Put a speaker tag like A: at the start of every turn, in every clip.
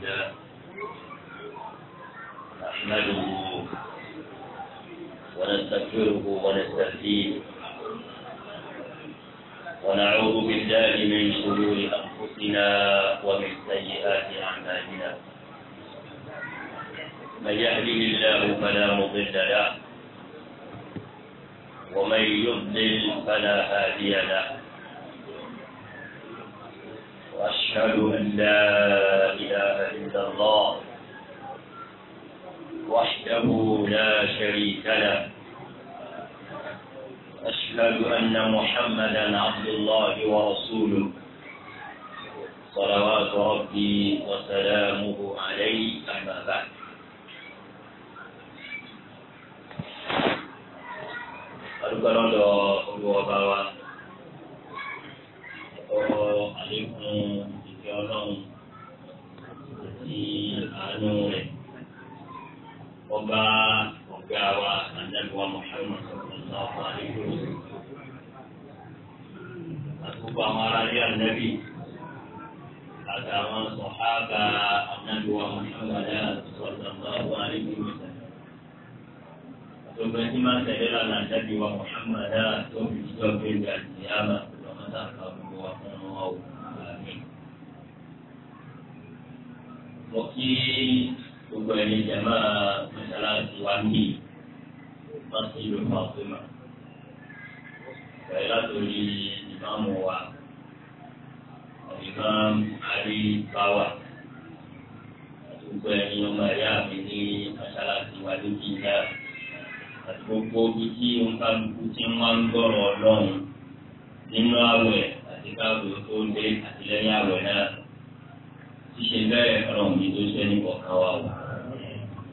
A: نحمده ونستغفره ونستهديه ونعوذ بالله من شرور انفسنا ومن سيئات اعمالنا من يهده الله فلا مضل له ومن يضلل فلا هادي له وأشهد أن لا إله إلا الله وحده لا شريك له أشهد أن محمدا عبد الله ورسوله صلوات ربي وسلامه عليه أما بعد أرجو الله tọrọ àlékún ìfẹ́ ọlọ́run àti àánú rẹ̀ ọba ọ̀gá wa àdàlùwà Muhammad sallallahu alaihi wasallam àtúbọ̀ àwọn aráàlú ànábì àtàwọn sọ̀hábà àdàlùwà Muhammad sallallahu alaihi wasallam gbogbo ẹni máa ń tẹ̀lé lánàá àdàlùwà Muhammad tó fi jọ gbé ìgbà ìyá máa lọ́mọdé àkàwọn o. mo kí gbogbo ẹni jẹ̀mọ́ mọ́sálásí wa ní mọ́sí ìlú fàtúmà bẹ̀rẹ̀ látòrí ìmáàmù wa ìmáàm àrí báwà gbogbo ẹni ọmọ ẹ̀yà mi ní mọ́sálásí wa ní kíkà àti gbogbo ibi tí nǹkan kú ti máa ń gbọ́rọ̀ ọlọ́run nínú àwẹ̀ kíkàwé tó dé àti náà ṣíṣe bẹ́ẹ̀ ọlọ́run mi tó ṣe ní kọ̀ọ̀kan wa o.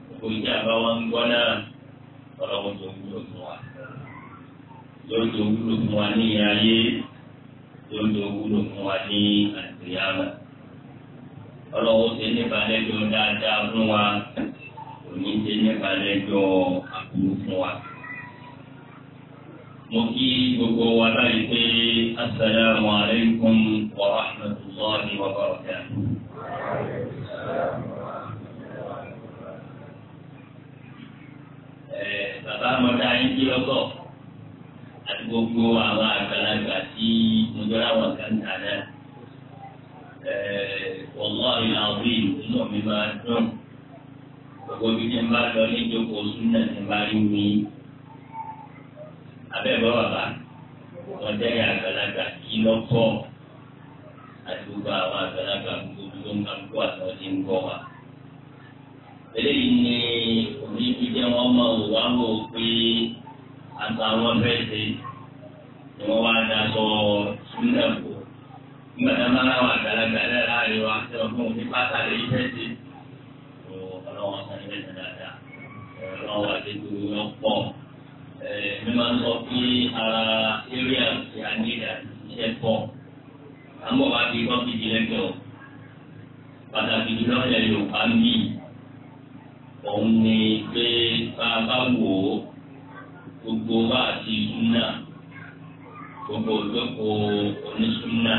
A: gbogbo ìjà bá ń gbọ́ náà ọlọ́run tó wúlò fún wa. yóò tó wúlò fún wa ní ìyá ayé yóò tó wúlò fún wa ní àtìyámà. ọlọ́run ṣe nípa lẹ́jọ́ dáadáa fún wa òní ṣe nípa lẹ́jọ́ àbúrò fún wa mo kí gbogbo wa láyé pé asalaamu alaykum wa rahmatulahi wa barakatuh. bàbá mọ̀tá yín kí lọ́kọ̀ àti gbogbo àwọn àgbàlagbà tí mo jọra wọn kàn náà. wọ́n ní àwọn ìlú mi máa dùn gbogbo bí ti ń bá lọ ní ìjókòó súnà ti ń bá rí mi abẹ́ẹ̀bọ́ bàbá wọn jẹ́rìí àgbàlagbà kí lọ́kọ́ àti gbogbo àwọn àgbàlagbà gbogbo tó ń ka gbogbo àtọ́ ti gbọ́ wa. eléyìí ni oníbi jẹ́ wọ́n mọ̀ ò wá mọ̀ àtàwọn fẹ́ ni wọ́n wá daṣọ súnlẹ̀kọ̀ nígbà tí a máa ń àwọn àgbàlagbà lẹ́la àríwá tí wọ́n fún òní pátá lè fẹ́ ọlọ́wọ́n sáré mẹ́ta dáadáa ọlọ́wọ́n àti gbogbo wọn pọ̀ mi sọ pé ara eré àti àníyà iṣẹ́ pọ̀ àmọ́ bá fi gbọ́ fìdí lẹ́gbẹ̀ẹ́ o pàtàkì jùlọ ilẹ̀ Yorùbá ń bì òun ni pé bá a bá wò ó gbogbo bá a ti súnà gbogbo ìjókòó onísúnà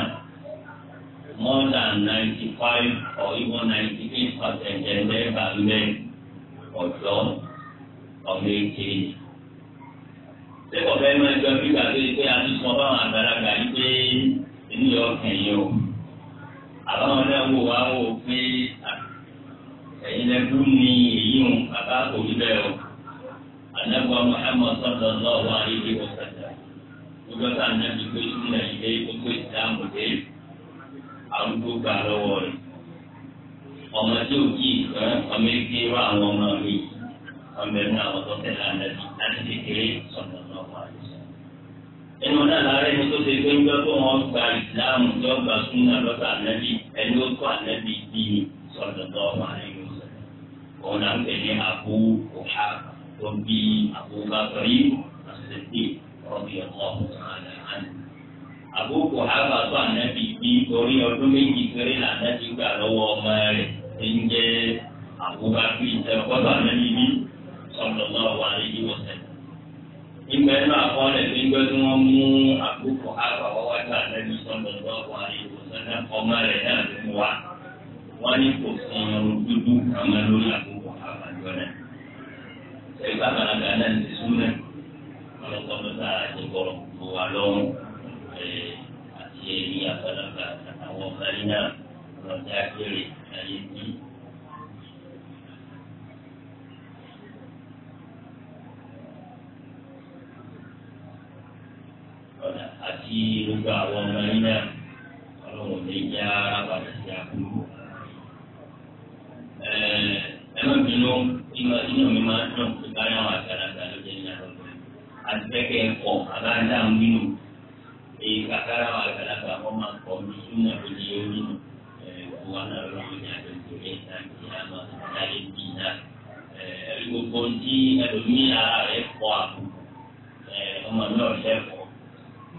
A: more than ninety five or even ninety eight percent ẹ̀ lẹ́ẹ̀bà lẹ́ẹ̀ ọ̀dọ́ ọ̀mẹ́kẹ́ sẹ́kọ̀ bẹ́ẹ̀ máa jọ bí gbàgbé pé a ti sọ báwọn àgbàlagbà yìí pé èmi yọ kẹ̀yìn o àbáwọn náà wò wá wò pé ẹ̀yin lẹ́kùn ní èyí o bàbá kò rí bẹ́ẹ̀ o àdàbọ̀ Muhammad sọ̀tọ̀ lọ́wọ́ ayélujára wọ̀sàtà gbogbo tá a nàbí pé sílẹ̀ ilé gbogbo ìdáàmú dé arúgbó gbà lọ́wọ́ rẹ̀ ọmọ tí ò kí ìtàn ọmọ ẹgbẹ́ àwọn ọmọ mi ọmọ ẹgbẹ́ àwọn tó tẹ̀lé àdàbí ẹnu náà lára ẹni tó ṣe pé ń gbọ́ pé wọ́n gba ìsìláàmù tí wọ́n gba súnà lọ́dọ̀ ànábì ẹni ó kọ́ ànábì bí i sọ̀dọ̀dọ̀ ọmọ àyẹ̀wò sọ̀rọ̀ òun náà ń pè ní àbú òhà tó bí àbúbakar yìí àṣẹṣe ọ̀bì ọ̀pọ̀ àbúkù àbá tó ànábì bí orí ọdún méjì péré lànábì gbà lọ́wọ́ ọmọ rẹ̀ ti ń jẹ́ àbúbakar ìtẹ̀kọ́tọ̀ ànábì bí ìgbà ẹnu àkọọ́lẹ̀ tí ń gbé tí wọ́n mú àkókò àgbàwọ́wá tí àtẹ́jú sọ́dọ̀ lọ́wọ́ àyèwòsàn ọmọ rẹ̀ náà ti mú wa. wọ́n ní kò fún ọrùn dúdú àwọn lórí àkókò àbájọ náà. ẹgbẹ́ àgbàlagbà náà ti sún náà ọlọ́kọ́dọ́ tá a ti bọ̀rọ̀ kó wa lọ́rùn àti ẹ̀yìn àgbàlagbà àtàwọn ọ̀gáyìn náà lọ́jà kéré ayé bíi. àti gbogbo àwọn ọmọ yín náà ọlọ́run ní ìjà arábàdà sí àkúrú. ẹ má bínú ìmọ̀ ìyàn mi máa ń dùn tó bá yàwọn àgbàlagbà lóde ní àlọ́gbà àti pẹ́kẹ́ ẹ̀kọ́ àbáńdá ń bínú èyí kàkàrà àwọn àgbàlagbà wọn máa kọ́ mi súnmọ́ tó di orí nù ẹ̀kọ́ wa náà lọ́wọ́ ní àgbègbè rẹ̀ láti àmọ́ ìdáyé bí náà ẹ̀ẹ́dẹ́gbogbo tí ẹlòmíì rẹ̀ kọ́ àbùkù ọmọ náà lẹ́kọ̀ọ́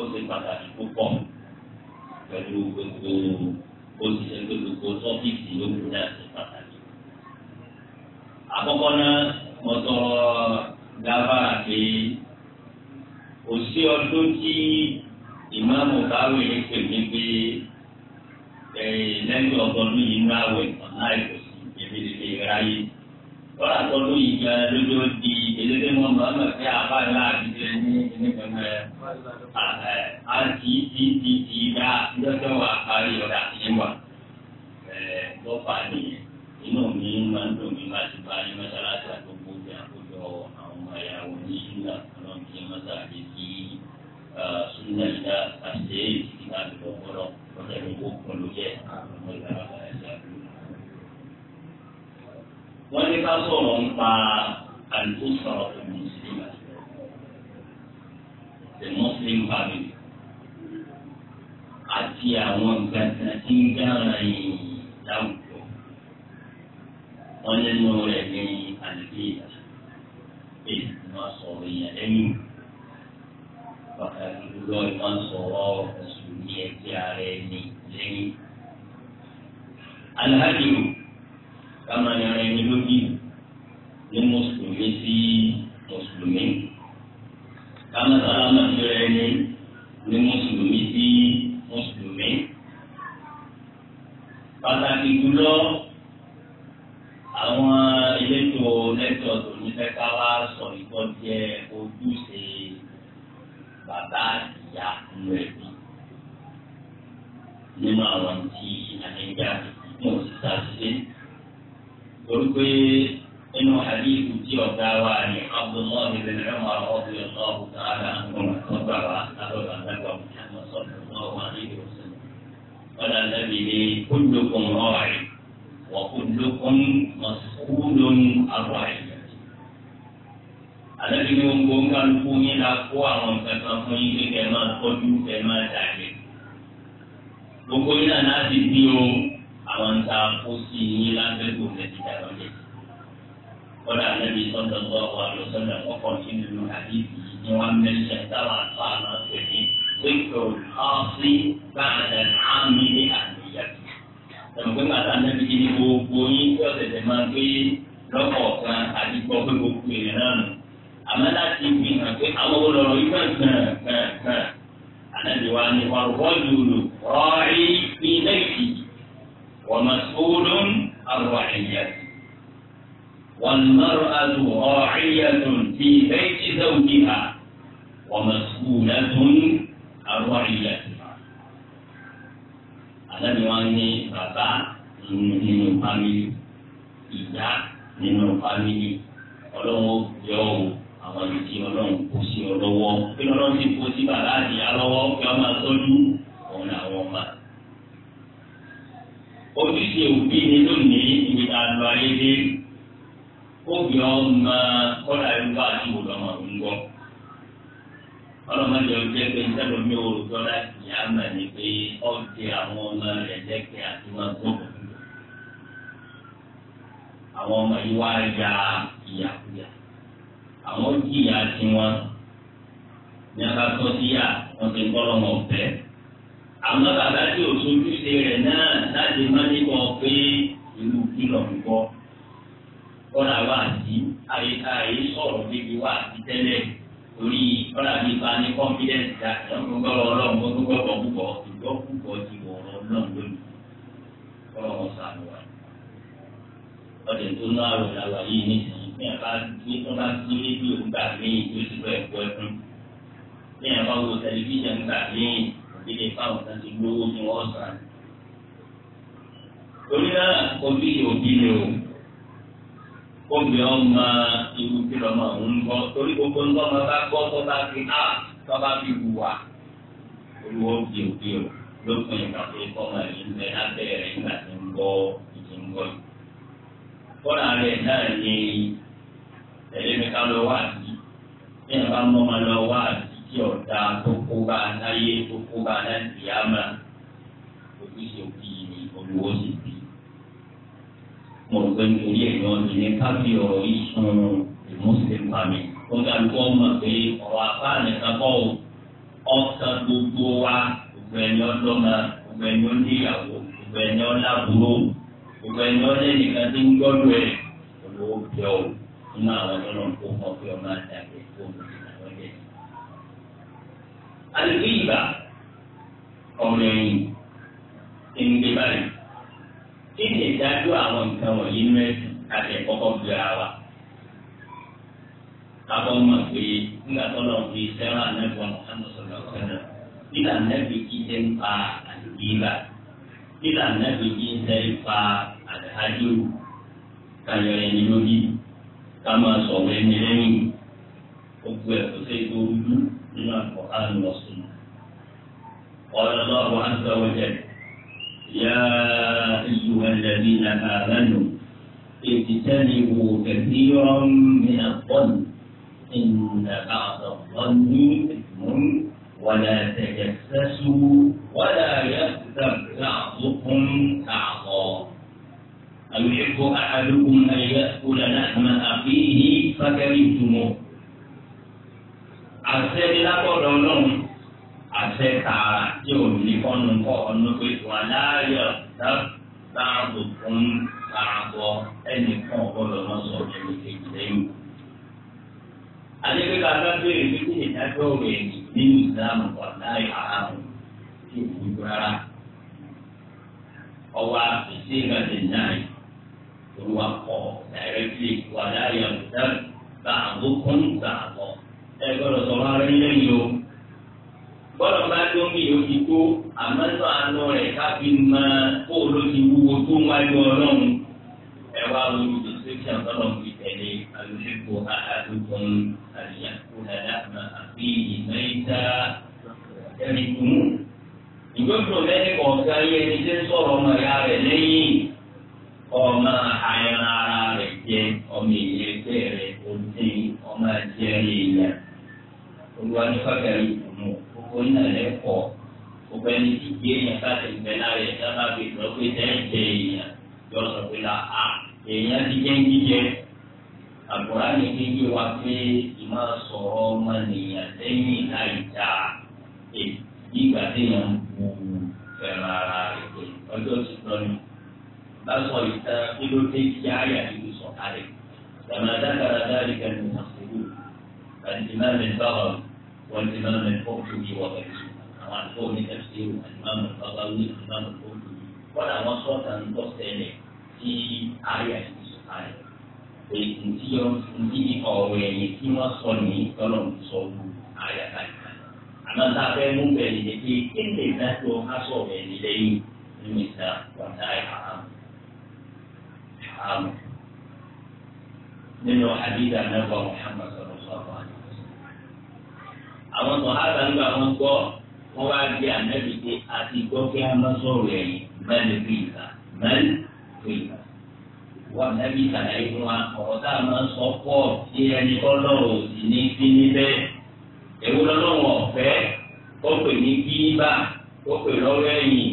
A: ó ṣe pàtàkì púpọ̀ pẹ̀lú gbogbo òṣìṣẹ́ gbogbo tọ́pìkì lóko náà ṣe pàtàkì. àkọ́kọ́ náà mo tọrọ gáfárà pé òṣì ọdún tí ìmáàmù káwé ń pè mí pé lẹ́yìn ọdún yìí ń ráwẹ̀ ọ̀nà ìkòsí èmi lè ráyè wọ́n àtọ́ ló yìí gan di elédè mọ́ mọ́mọ́ pé àbá ńlá jẹ ní ní pẹ̀lú ẹ̀ àti ti ti ti dá lọ́jọ́ wa parí ọ̀dà sí wa lọ́fà nìyẹn inú mi máa ń dùn mí máa ti bá ní mọ́sálásí bí àkójọ àwọn ọmọ ìyàwó ní ṣúná ọlọ́run kí mọ́sálásí kí ṣúná ìdá àti èyí ti ká lọ́wọ́lọ́ lọ́sẹ̀ ló kó ló jẹ́ àwọn ọmọ ìyàwó. wọ́n ní ká sọ̀rọ̀ ń pa àlùfóòsàn ọ̀tún mùsùlùmí the muslim family àti àwọn gbàgbà tí ń dára yìí láwùjọ
B: wọ́n nínú rẹ̀ ní
A: àlùfíà èyí máa sọ̀rọ̀ ìyá lẹ́yìn pàtàkì jùlọ ìmọ̀ sọ̀rọ̀ mùsùlùmí ẹgbẹ́ ara ẹni lẹ́yìn. alhaji kama yàrá ẹni lódì ní mùsùlùmí sí mùsùlùmí kama sàlámà yàrá ẹni ní mùsùlùmí sí mùsùlùmí pàtàkì jùlọ àwọn elétò lẹ́tọ̀ tó ní fẹ́ ká wá sọ ìkọ́ jẹ ojúṣe bàbá ìyá nínú ẹ̀bí nínú àwọn tí àlejò àti ìpínlẹ̀ òṣìṣẹ́ àti ìdílé torí pé inú àdìsí tí ọ̀gá wa ní abdullahi bin umar ọ̀bí ọ̀sọ́ọ̀bù sàádà ọ̀gbọ̀n gbà wá látọ̀dọ̀ àgbàgbà mùsùlùmí ọ̀sọ̀tọ̀ wà nílùú ọ̀sọ̀tọ̀. wọ́n dà lẹ́bi ní kúndùkùn rọ̀ọ̀rì wọ́n kúndùkùn mọ̀sùkúndùn àrọ̀rì. àlẹ́bi ní ohun gbòǹgà lukú yín la kó àwọn nǹkan kan fún yín kékeré máa tọ́jú kẹ́ máa dàgbé. gbogbo yín náà àwọn ń ta kó sí yín lábẹ́gbò lẹ́sìn dàrọ́ yẹn. kọ́dà lẹ́bi sọ́dọ̀ bọ́ àwọn àlọ́sọ́dọ̀ ọkọ̀ nínú àdìsí ni wọ́n mẹ́sẹ̀ sábà tó àná pè ní pípẹ́ ọ̀sí gbàdà àmì ní àníyá. ẹ̀mọ̀gbẹ́ màtá lẹ́bi kí ni gbogbo yín tí ọ̀sẹ̀sẹ̀ máa gbé lọ́kọ̀ kan àti gbọ́ pé gbogbo èèyàn náà nù. àmọ́ láti fi hàn pé àwọn olùrọ̀ yìí máa gbà gbà gbà. àlẹ́ ومسؤول عن رعيته والمرأة راعية في بيت زوجها ومسؤولة عن رعيتها Àdáni wa ní bàbá nínú fámìlì, ìyá nínú fámìlì, ọlọ́run ó gbé ọ̀hún àwọn ibi tí ọlọ́run kó sí ọ lọ́wọ́. Bí ọlọ́run ti kó sí bàbá àti ìyá lọ́wọ́, kí ọ máa tọ́jú ojúṣe òbí ni lónìí ibi tá a lọ ayé dé obì ọmọ kọ́lá yorùbá àti wòlò ọmọ rẹ̀ ń gbọ́. ọlọ́mọdé ọjọ́ pé sẹ́lọ̀ mi ò rò láti àmà ni pé ọ̀dẹ àwọn ọmọ rẹ̀ lẹ́kẹ̀ẹ́ àti wọn àwọn ọmọ yìí wá ya ìyàkúyà àwọn jìyà tiwọn ní abátọ́ síyà wọn ti gbọ́ lọ́mọ àmọ́ bàbá tí ò sojúṣe rẹ̀ náà láti má níbọ̀ pé ìlú kìlọ̀ ń bọ̀ kọ́ra wà sí àyíká yìí sọ̀rọ̀ níbi wà sí tẹ́lẹ̀ torí kọ́ra bí bá ní confidence dá ìyọ́nù gbọ́rọ̀ ọlọ́run tó gbọ́rọ̀ púpọ̀ ìgbọ́ púpọ̀ ti wọ̀rọ̀ ọlọ́run lónìí kọ́ra wọn sàmì wà. ọ̀dẹ̀ tó náà rò làwà yìí ní ìsìn ní àbá tí bá sí rédíò gbà ilé fáwọn kan ti gbówó ní wọ́n sàn. torí náà omi òbí ni o kóbi ọmọ irú kí lọ́mọ òun ń gbọ́ torí gbogbo ń gbọ́ ọmọ bá gbọ́ tó bá fi á tó bá fi wùwà olúwo di òbí o lópin ìgbà tó kọ́ ọmọ yìí ń bẹ nígbà tí ń gbọ́ ìdí ń gbọ́ yìí. kọ́nà rẹ̀ náà ni ẹ̀yẹ́mẹ́ká lọ wá sí ẹ̀yẹ́ bá mọ́ ọmọ lọ wá sí tí ọ̀dà tó kó bá a láyé tó kó bá a láti àmà ojúṣe òbí ni olùwọ́ sì bí. mo rò pé nítorí ẹ̀ náà ni ní káfí ọ̀rọ̀ yìí sun ìmúṣẹ pàmì tó ga lóko ọmọ pé ọ̀rọ̀ apá nìkan kọ́ ò ọ̀sán gbogbo wa gbogbo ẹni ọlọ́mọ gbogbo ẹni oníyàwó gbogbo ẹni ọlábúrò gbogbo ẹni ọlẹ́nìkan tí ń gbọ́dọ̀ ẹ̀ olùwọ́ bẹ̀ ọ́ nínú àwọn ọlọ́run tó mọ̀ pé ọmọ àdàgbẹ́. àlùbíyìbá ọmọ ẹ̀yìn ìnùgbé báyìí kí ni ìdájọ́ àwọn nǹkan wọ̀nyí nú ẹ̀sìn àti ẹ̀kọ́kọ́ gbéra wa kábọ̀ mọ̀ pé nígbà tó lọ fi sẹ́wọ̀n anábì wọn sọ̀rọ̀ sẹ́nà nígbà anábì kí jẹ́ ń pa àlùbíyìbá nígbà anábì kí jẹ́ ń pa àdájọ́ kayọ̀ ẹni lórí ká máa sọ̀rọ̀ ẹni lẹ́yìn gbogbo ẹ̀ sẹ́yìn tó rújú nínú àkọ́kọ́ àlùmọ̀sọ قال الله عز وجل يا أيها الذين آمنوا اجتنبوا كثيرا من الظن إن بعض الظن إثم ولا تجسسوا ولا يغتب بعضكم بعضا أيحب أحدكم أن يأكل لحم أخيه فكرهتموه. عسى بلا قول afẹ́ tààrà tí ò ní kọ́nu kọ́ ọ̀nà pé wà dáàbò fún àbọ̀ ẹnìkan ọ̀gbọ́dọ̀ náà sọ ẹni kejì lẹ́yìn. Adébíkà lábẹ́rẹ́ ní kí ìdájọ́ rẹ̀ nínú ìsìlámù ọ̀dà ìhàmù rárá. Ọwọ́ ìgbàdé náà kọ̀ dáàbò fún àbọ̀ o. bọ́lá bá tó ń bí ti tó àmọ́ tó àánú rẹ̀ káfí mọ kó ló ti wúwo tó ń wáyé ọlọ́run ẹ wá lórí description tọ́lọ̀ fi tẹ̀lé àlùfẹ́kọ̀ àdúgbò àlùyàkó àdàmà àfi ìmẹ́ta ẹ̀rìndùn. ìgbésùn lẹ́ni kọ̀ọ̀kan yẹn ti ṣe sọ̀rọ̀ ọmọ ìyá rẹ̀ lẹ́yìn ọmọ àyàn ara rẹ̀ jẹ ọmọ ìyẹn bẹ́ẹ̀ rẹ̀ kò sí ọmọ ìjẹrin ìyá olùwànífàkàrí kó iná rẹ̀ pọ̀ gbogbo ẹni tí ìdí èèyàn bá ti gbẹ lára ẹ̀ sábà fi gbọ́ pé tẹ́ẹ̀jẹ̀ èèyàn yọ sọ pé la a èèyàn ti jẹ́ jíjẹ àbúrá ni kí wa pé ìmọ̀ sọ̀rọ̀ ọmọnìyàn lẹ́yìn láì dáa ìgbà téèyàn ń bu fẹ̀rẹ̀ ara rẹ̀ pé ọjọ́ ti lọ ni bá sọ ìtàn kí ló dé kí àyà ìlú sọ̀kalẹ̀. لما ذكر ذلك المفسرون الإمام البغوي والإمام القرطبي وغيره àwọn àlùfáà ní tafsir alimami babawi alimami bolu wọn àwọn sọta ń tọ ṣẹlẹ̀ tí ọ̀rọ̀ ẹ̀yìn tí wọn sọ ní tọnà sọ wù àyà láìka àmọ́ tá a fẹ́ mú bẹ́ẹ̀ ní pé kéde ìdájọ́ aṣọ rẹ ní lẹ́yìn nínú ìta wàtá ìhàmù ìhàmù nínú àdìdà náà wà Muhammad sọlọ sọlọ àti àwọn sọ̀hádà ń gbà wọn gbọ́ wọn wá di ànábì pé àti gbọ́ kí a má sọ̀rọ̀ ẹ̀yìn mẹ́lẹ̀ fi ìgbà mẹ́lẹ̀ fi ìgbà. wọ́n ànábì sàlàyé fún wa ọ̀rọ̀ tá a máa sọ pọ̀ sí ẹni kọ́lọ́rọ̀ òsì ní sí níbẹ̀. èwo lọ́lọ́wọ̀n ọ̀fẹ́ ó pè ní bíbá ó pè lọ́rọ̀ ẹ̀yìn.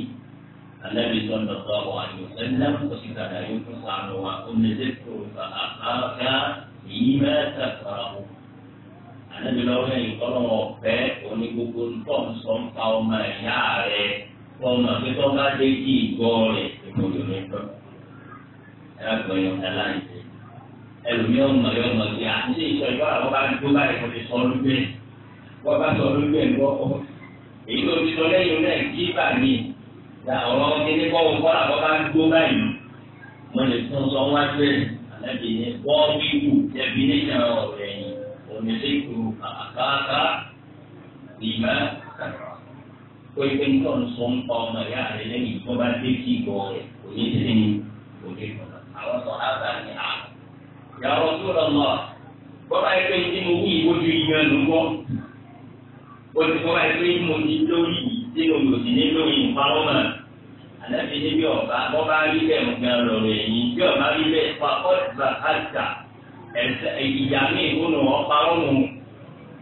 A: ànábì sọ̀dọ̀ sọ àwọn àyọ̀sẹ́ náà kò sí sàlàyé fún wa ọ̀nà ànábìlẹ̀ ọ̀rẹ́ ìkọ́nà ọ̀fẹ́ òní gbogbo nǹkan sọ ń pa ọmọ ìyá rẹ̀ ọmọ pípọ́ bá dé kí ìgbọ́ rẹ̀ èkó ló ní tọ́. ẹ bá gbọ́ yọ̀ǹda láǹtẹ̀ ẹlòmí ọmọ yọ ọmọ sí àti ìṣọ̀jọ́ àwọn bá dúró báyìí kò lè sọ ọdún wọ́n bá sọ ọdún bẹ́ẹ̀ èyí ló sọ lẹ́yìn miliki akaka bima kara o yi pe n tọn sọn ọmọ ya ale lẹ́yìn tó bá dé kí gbọ́ rẹ̀ o ní ti ní o ní kọnọ àwọn sọ àgbà ní a yàrá tó lọ mọ bọlá yẹ pé ní mo wí ìwọjú ìgbà ló gbọ́ o ti bọlá yẹ pé mo ti lórí tí o yóò ti ní lórí ẹ̀sẹ̀ ìyá mi ìwúnu ọ̀pá ọ̀hún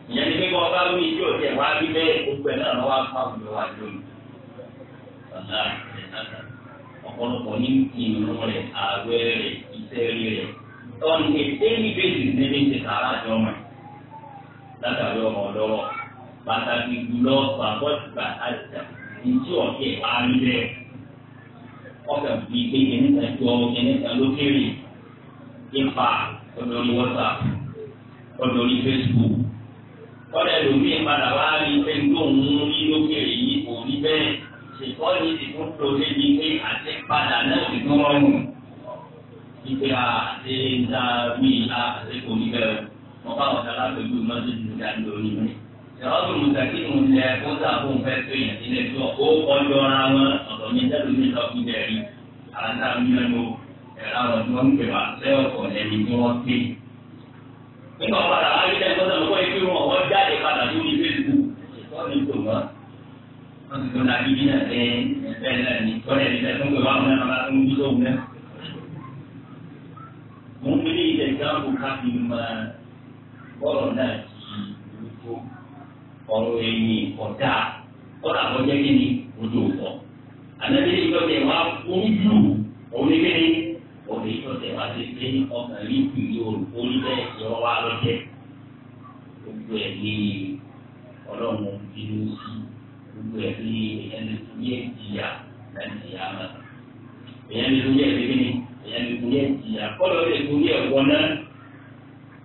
A: ìyẹn ní pípọ̀ bá wí tí òtí ẹ̀ wá bí bẹ́ẹ̀ gbogbo ẹ̀ náà lọ́wọ́ apá òjò wá lónìí. ọ̀la ọ̀pọ̀lọpọ̀ ní ìrún rẹ̀ ààrẹ rẹ̀ iṣẹ́ rí rẹ̀ ọ̀n ètè níbi ìdílé ní ti sàrà àjọ mọ̀ látàrí ọmọ lọ́wọ́ pàtàkì jùlọ bàbọ́dùbà àjà ìtí ọ̀tí ẹ̀ wá rí bẹ́ẹ̀ bíi pé kẹ́nìkan jọ kẹ́nìkan lókèrè ipa olórí whatsapp olórí facebook kọ́lẹ̀ lómii padà wá rí pé gbóhùn ní lókè yìí kò rí bẹ́ẹ̀ ṣèkọ́ni ti tún tó débi pé àti padà náà ti tún rọrùn ìgbé àti ìdáwí àti kò rí bẹ́ẹ̀ wọ́n bá wọn dára pẹ̀lú mọ́tò tó dá lórí mi. ìrọ́bù mùsàkì ń lẹ kóńtà fún fẹ́ tó yàn sílẹ̀ ó kọjọ́ ara wọn ọ̀dọ̀ mi dẹ́rù mi lọ fi bẹ̀rẹ̀ àtàwọn mílíọ̀nù ẹ̀rọ àwọn tí wọ́n ń pè wá lẹ́yìn ọ̀pọ̀ ẹni tí wọ́n pè. nígbà padà wá rí lẹ́yìn tọ́sán lọ́wọ́ ikú wọn wọ́n jáde padà lórí Facebook wọ́n ti tò wọ́n. wọ́n ti tó dàbí bí náà ẹ ẹ̀fẹ́ náà ní tọ́lẹ̀ ní tẹ́tún pé wọ́n náà máa tún bí lóhùn náà. mo ń fi ní ilẹ̀ ìdáàbò ká fi máa bọ́ọ̀lù náà ti ìlú ọ̀rọ̀ ẹ̀yìn ọ̀dà kọ́dà kọjá kí ni ojú ọ̀pọ̀ àná òní lọ́tẹ̀ wá ti pé ọkàn yìí kì í olùkórí bẹ́ẹ̀ tí wọ́n wá lọ́tẹ̀ gbogbo ẹ̀ ní ọlọ́run bínú sí gbogbo ẹ̀ ní ẹni tó yẹ jìyà láti yà má. èyàn ní tó yẹ bíbí ni èyàn ní tó yẹ jìyà kọ́lọ́ lè tó yẹ wọ náà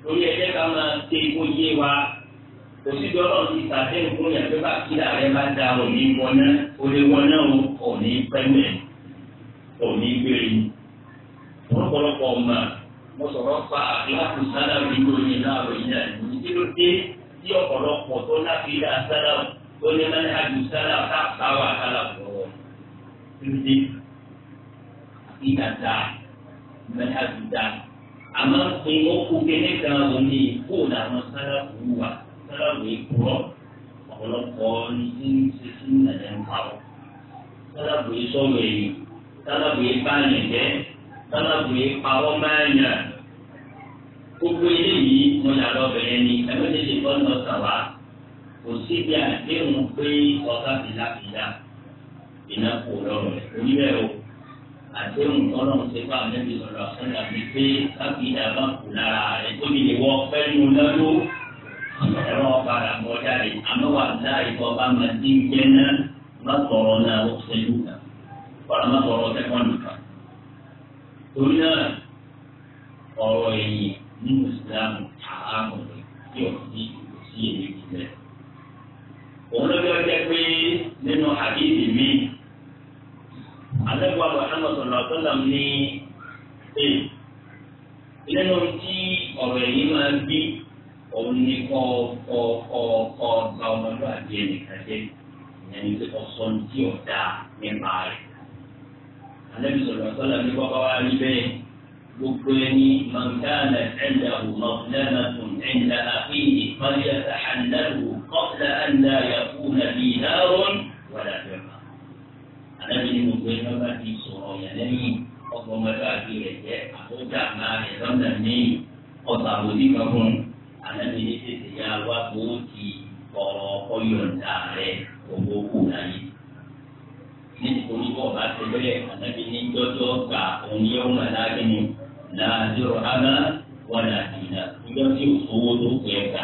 A: lórí ẹgbẹ́ ká máa ṣe kó yé wa òsì bí ọlọ́run ti sàdéhùn fún yàrá pé bá kílà rẹ bá da òní wọná olè wọná o òní pẹ́mẹ́ òní gbére ni ọ̀pọ̀lọpọ̀ ọ̀mà mo pa àfihàn sálàmù ìlú oyin náà oyin náà ní kí dé tí ọ̀pọ̀lọpọ̀ tó láfíìlà sálàmù tó ní mẹ́rin àjù sálàmù tá a sáwà sálàmù lọ́wọ́ kí ló dé àjù dáa àmọ́ pé wọ́n kó kéde kan lò ní kó làwọn sálàmù wà sálàmù ìkúrọ̀ ọ̀pọ̀lọpọ̀ ní ṣe sí nàìjíríà sálàmù ìsọ̀rọ̀ èyí sálàbù yìí pawọ́ máa ń yàn gbogbo eléyìí mo là lọ́bẹ̀rẹ̀ ni ẹgbẹ́ lè bọ́ lọ sàwá kò síbi àdéhùn pé ọ̀gá fìlàfìlà iná kò lọ́rọ̀ rẹ̀ oníbẹ̀ o àdéhùn ọlọ́run ṣe fà nẹ́bí ọ̀rọ̀ àfúnà mi pé káfíńdà bá kù lára rẹ̀ tó ní lè wọ́ pẹ́ẹ́nu lọ́dún ẹ̀rọ padà bọ̀ jáde àmọ́ wà láì bọ́ bá máa dín jẹ́ náà má tọrọ náà ó ṣẹlú kan bọ́lá má torí náà ọ̀rọ̀ ẹ̀yìn nínú ìsìlámù àhámù rẹ̀ tí ò sí sí èyí ìlẹ̀. òun ló bí ọjọ́ pé nínú àdéhì mi àlẹ́kùn àbọ̀hámà sọ̀rọ̀ àtọ́làm ní ẹ̀ lẹ́nu tí ọ̀rọ̀ ẹ̀yìn máa ń bí òun ní kọ́ kọ́ kọ́ kọ́ gba ọmọlúwàbí ẹnìkan jẹ́ ìyẹn ní ọ̀sán tí ò dáa nípa rẹ̀ anabi sọlọ sọlọ ní kọkọ wa rí bẹ́ẹ̀ gbogbo ẹni mọ̀nkánà ẹ̀ńdà wò mọ̀nkánà tún ẹ̀ńdà àfihì mọ̀nyà sàhánà wò kọ́sà ẹ̀ńdà yàkú nàbí ìdáròn wàlà bẹ́ẹ̀ anabi ní gbogbo ẹni wọn bá ti sọ̀rọ̀ yẹn lẹ́yìn ọkọ̀ ọmọdé àti rẹ̀ jẹ́ àkójà máa rẹ̀ lọ́nà ní ọ̀sà àbòdì kan fún anabi ní tètè yá wá gbòógì ọ̀rọ̀ ọ̀yọ̀ǹda rẹ̀ owó kù náà yìí nítorí bọ̀ bá ti bẹ́ẹ̀ ànábi ní jọ́jọ́ gbà òun ni ó máa láàbí ni láàdúró ámá wàlà ìlà ìjọ tí ò sówó tó pẹ́ gbà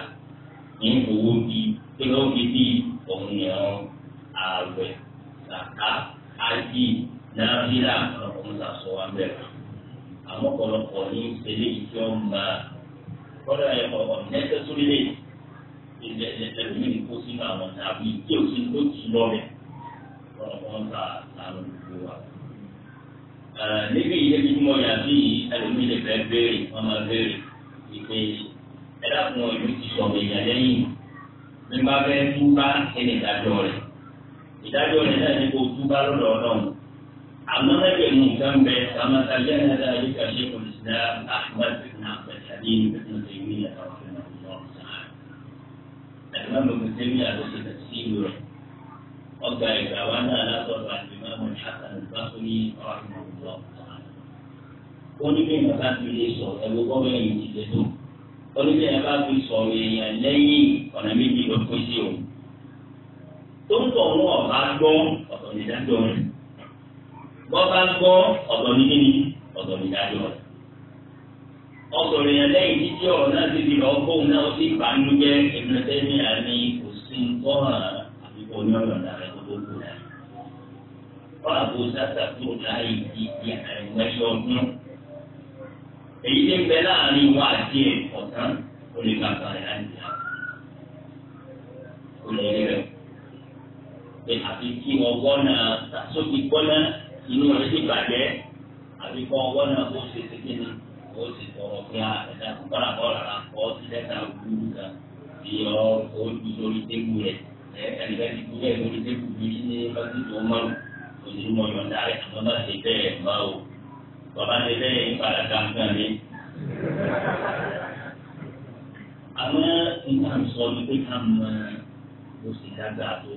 A: ní owó bí pé bí òun ni ààwẹ̀ sàká ájì náà fílà ọ̀hún sàṣọ wa bẹ̀rẹ̀ àwọn ọ̀pọ̀lọpọ̀ ní ìṣẹ̀lẹ̀ ìṣe ọ̀ma kọ́dà ọ̀ọ̀ nẹ́sẹ̀sọ́lẹ̀ ìṣẹ̀lẹ̀ ìṣẹ̀lẹ̀ ìṣẹ̀lẹ̀ ọ̀pọ̀lọpọ̀ ta àrùn gbogbo wa. níbi ìdíbi tí mo yà bí ẹlòmíì lè fẹ́ béèrè wọ́n máa béèrè ìpè ẹ dákun ọ̀yọ́ ti sọ̀rọ̀ èèyàn lẹ́yìn mi bá fẹ́ túbá ẹni ìdájọ́ rẹ̀ ìdájọ́ rẹ̀ náà ní kó túbá lọ́dọ̀ ọlọ́run àmọ́ ẹgbẹ́ mú nǹkan bẹ àmàtàlẹ́ ẹ̀dá àyíká ṣe kò sí náà Ahmad ọgbà ìgbà wa náà látọ̀gbà ìmọ̀mọ̀ hasan bákúrí ọ̀rọ̀ ọ̀rọ̀ onígbẹ̀yìn bá fi lè sọ ẹ̀rọ gbọ́dọ̀ yìí ti lè tó onígbẹ̀yìn bá fi sọ̀rọ̀ èèyàn lẹ́yìn ọ̀nà méjì ló pín sí o tó ń tọ̀ wọn ọ̀bá gbọ́ ọ̀dọ̀ nídájọ́ rẹ̀ bọ́bá gbọ́ ọ̀dọ̀ nídìí ọ̀dọ̀ nídájọ́ rẹ̀ ọkùnrin lẹ́yìn títí ọ̀rọ̀ náà ti di ọgbọ́n náà ó sì bá ń jẹ́ ìmọ̀tẹ́mí àmì kò àbíkọ́ ní rẹ̀ wọn àbòsàtà tó láàyè di di àìmọye ọdún èyí ní bẹ láàrin wọn àti ọ̀tán onígbàgbà ìlànà olórí rẹ pé àfi kí ọwọ́ náà sàsókè gbọ́ná inú rẹ ti bàjẹ́ àfi kọ́ ọwọ́ náà ó ṣe ṣe kí ni ó sì tọrọ pé àtẹ̀dá kúkọ́ra bọ́ọ̀lù ara kọ́ sí lẹ́tà òkúrú kan bí ọ ojú lórí tébù rẹ ẹ̀ ẹ̀ ẹ̀ lórí tébù yìí ní bá ti tó mọ́rùn òṣèlú yọ̀ǹda rẹ̀ wọ́n bá ti bẹ́ẹ̀ má o bàbá ti bẹ́ẹ̀ ìpadà kankan ni. àwọn nǹkan sọ ni pé ká mọ oṣù dágbà tó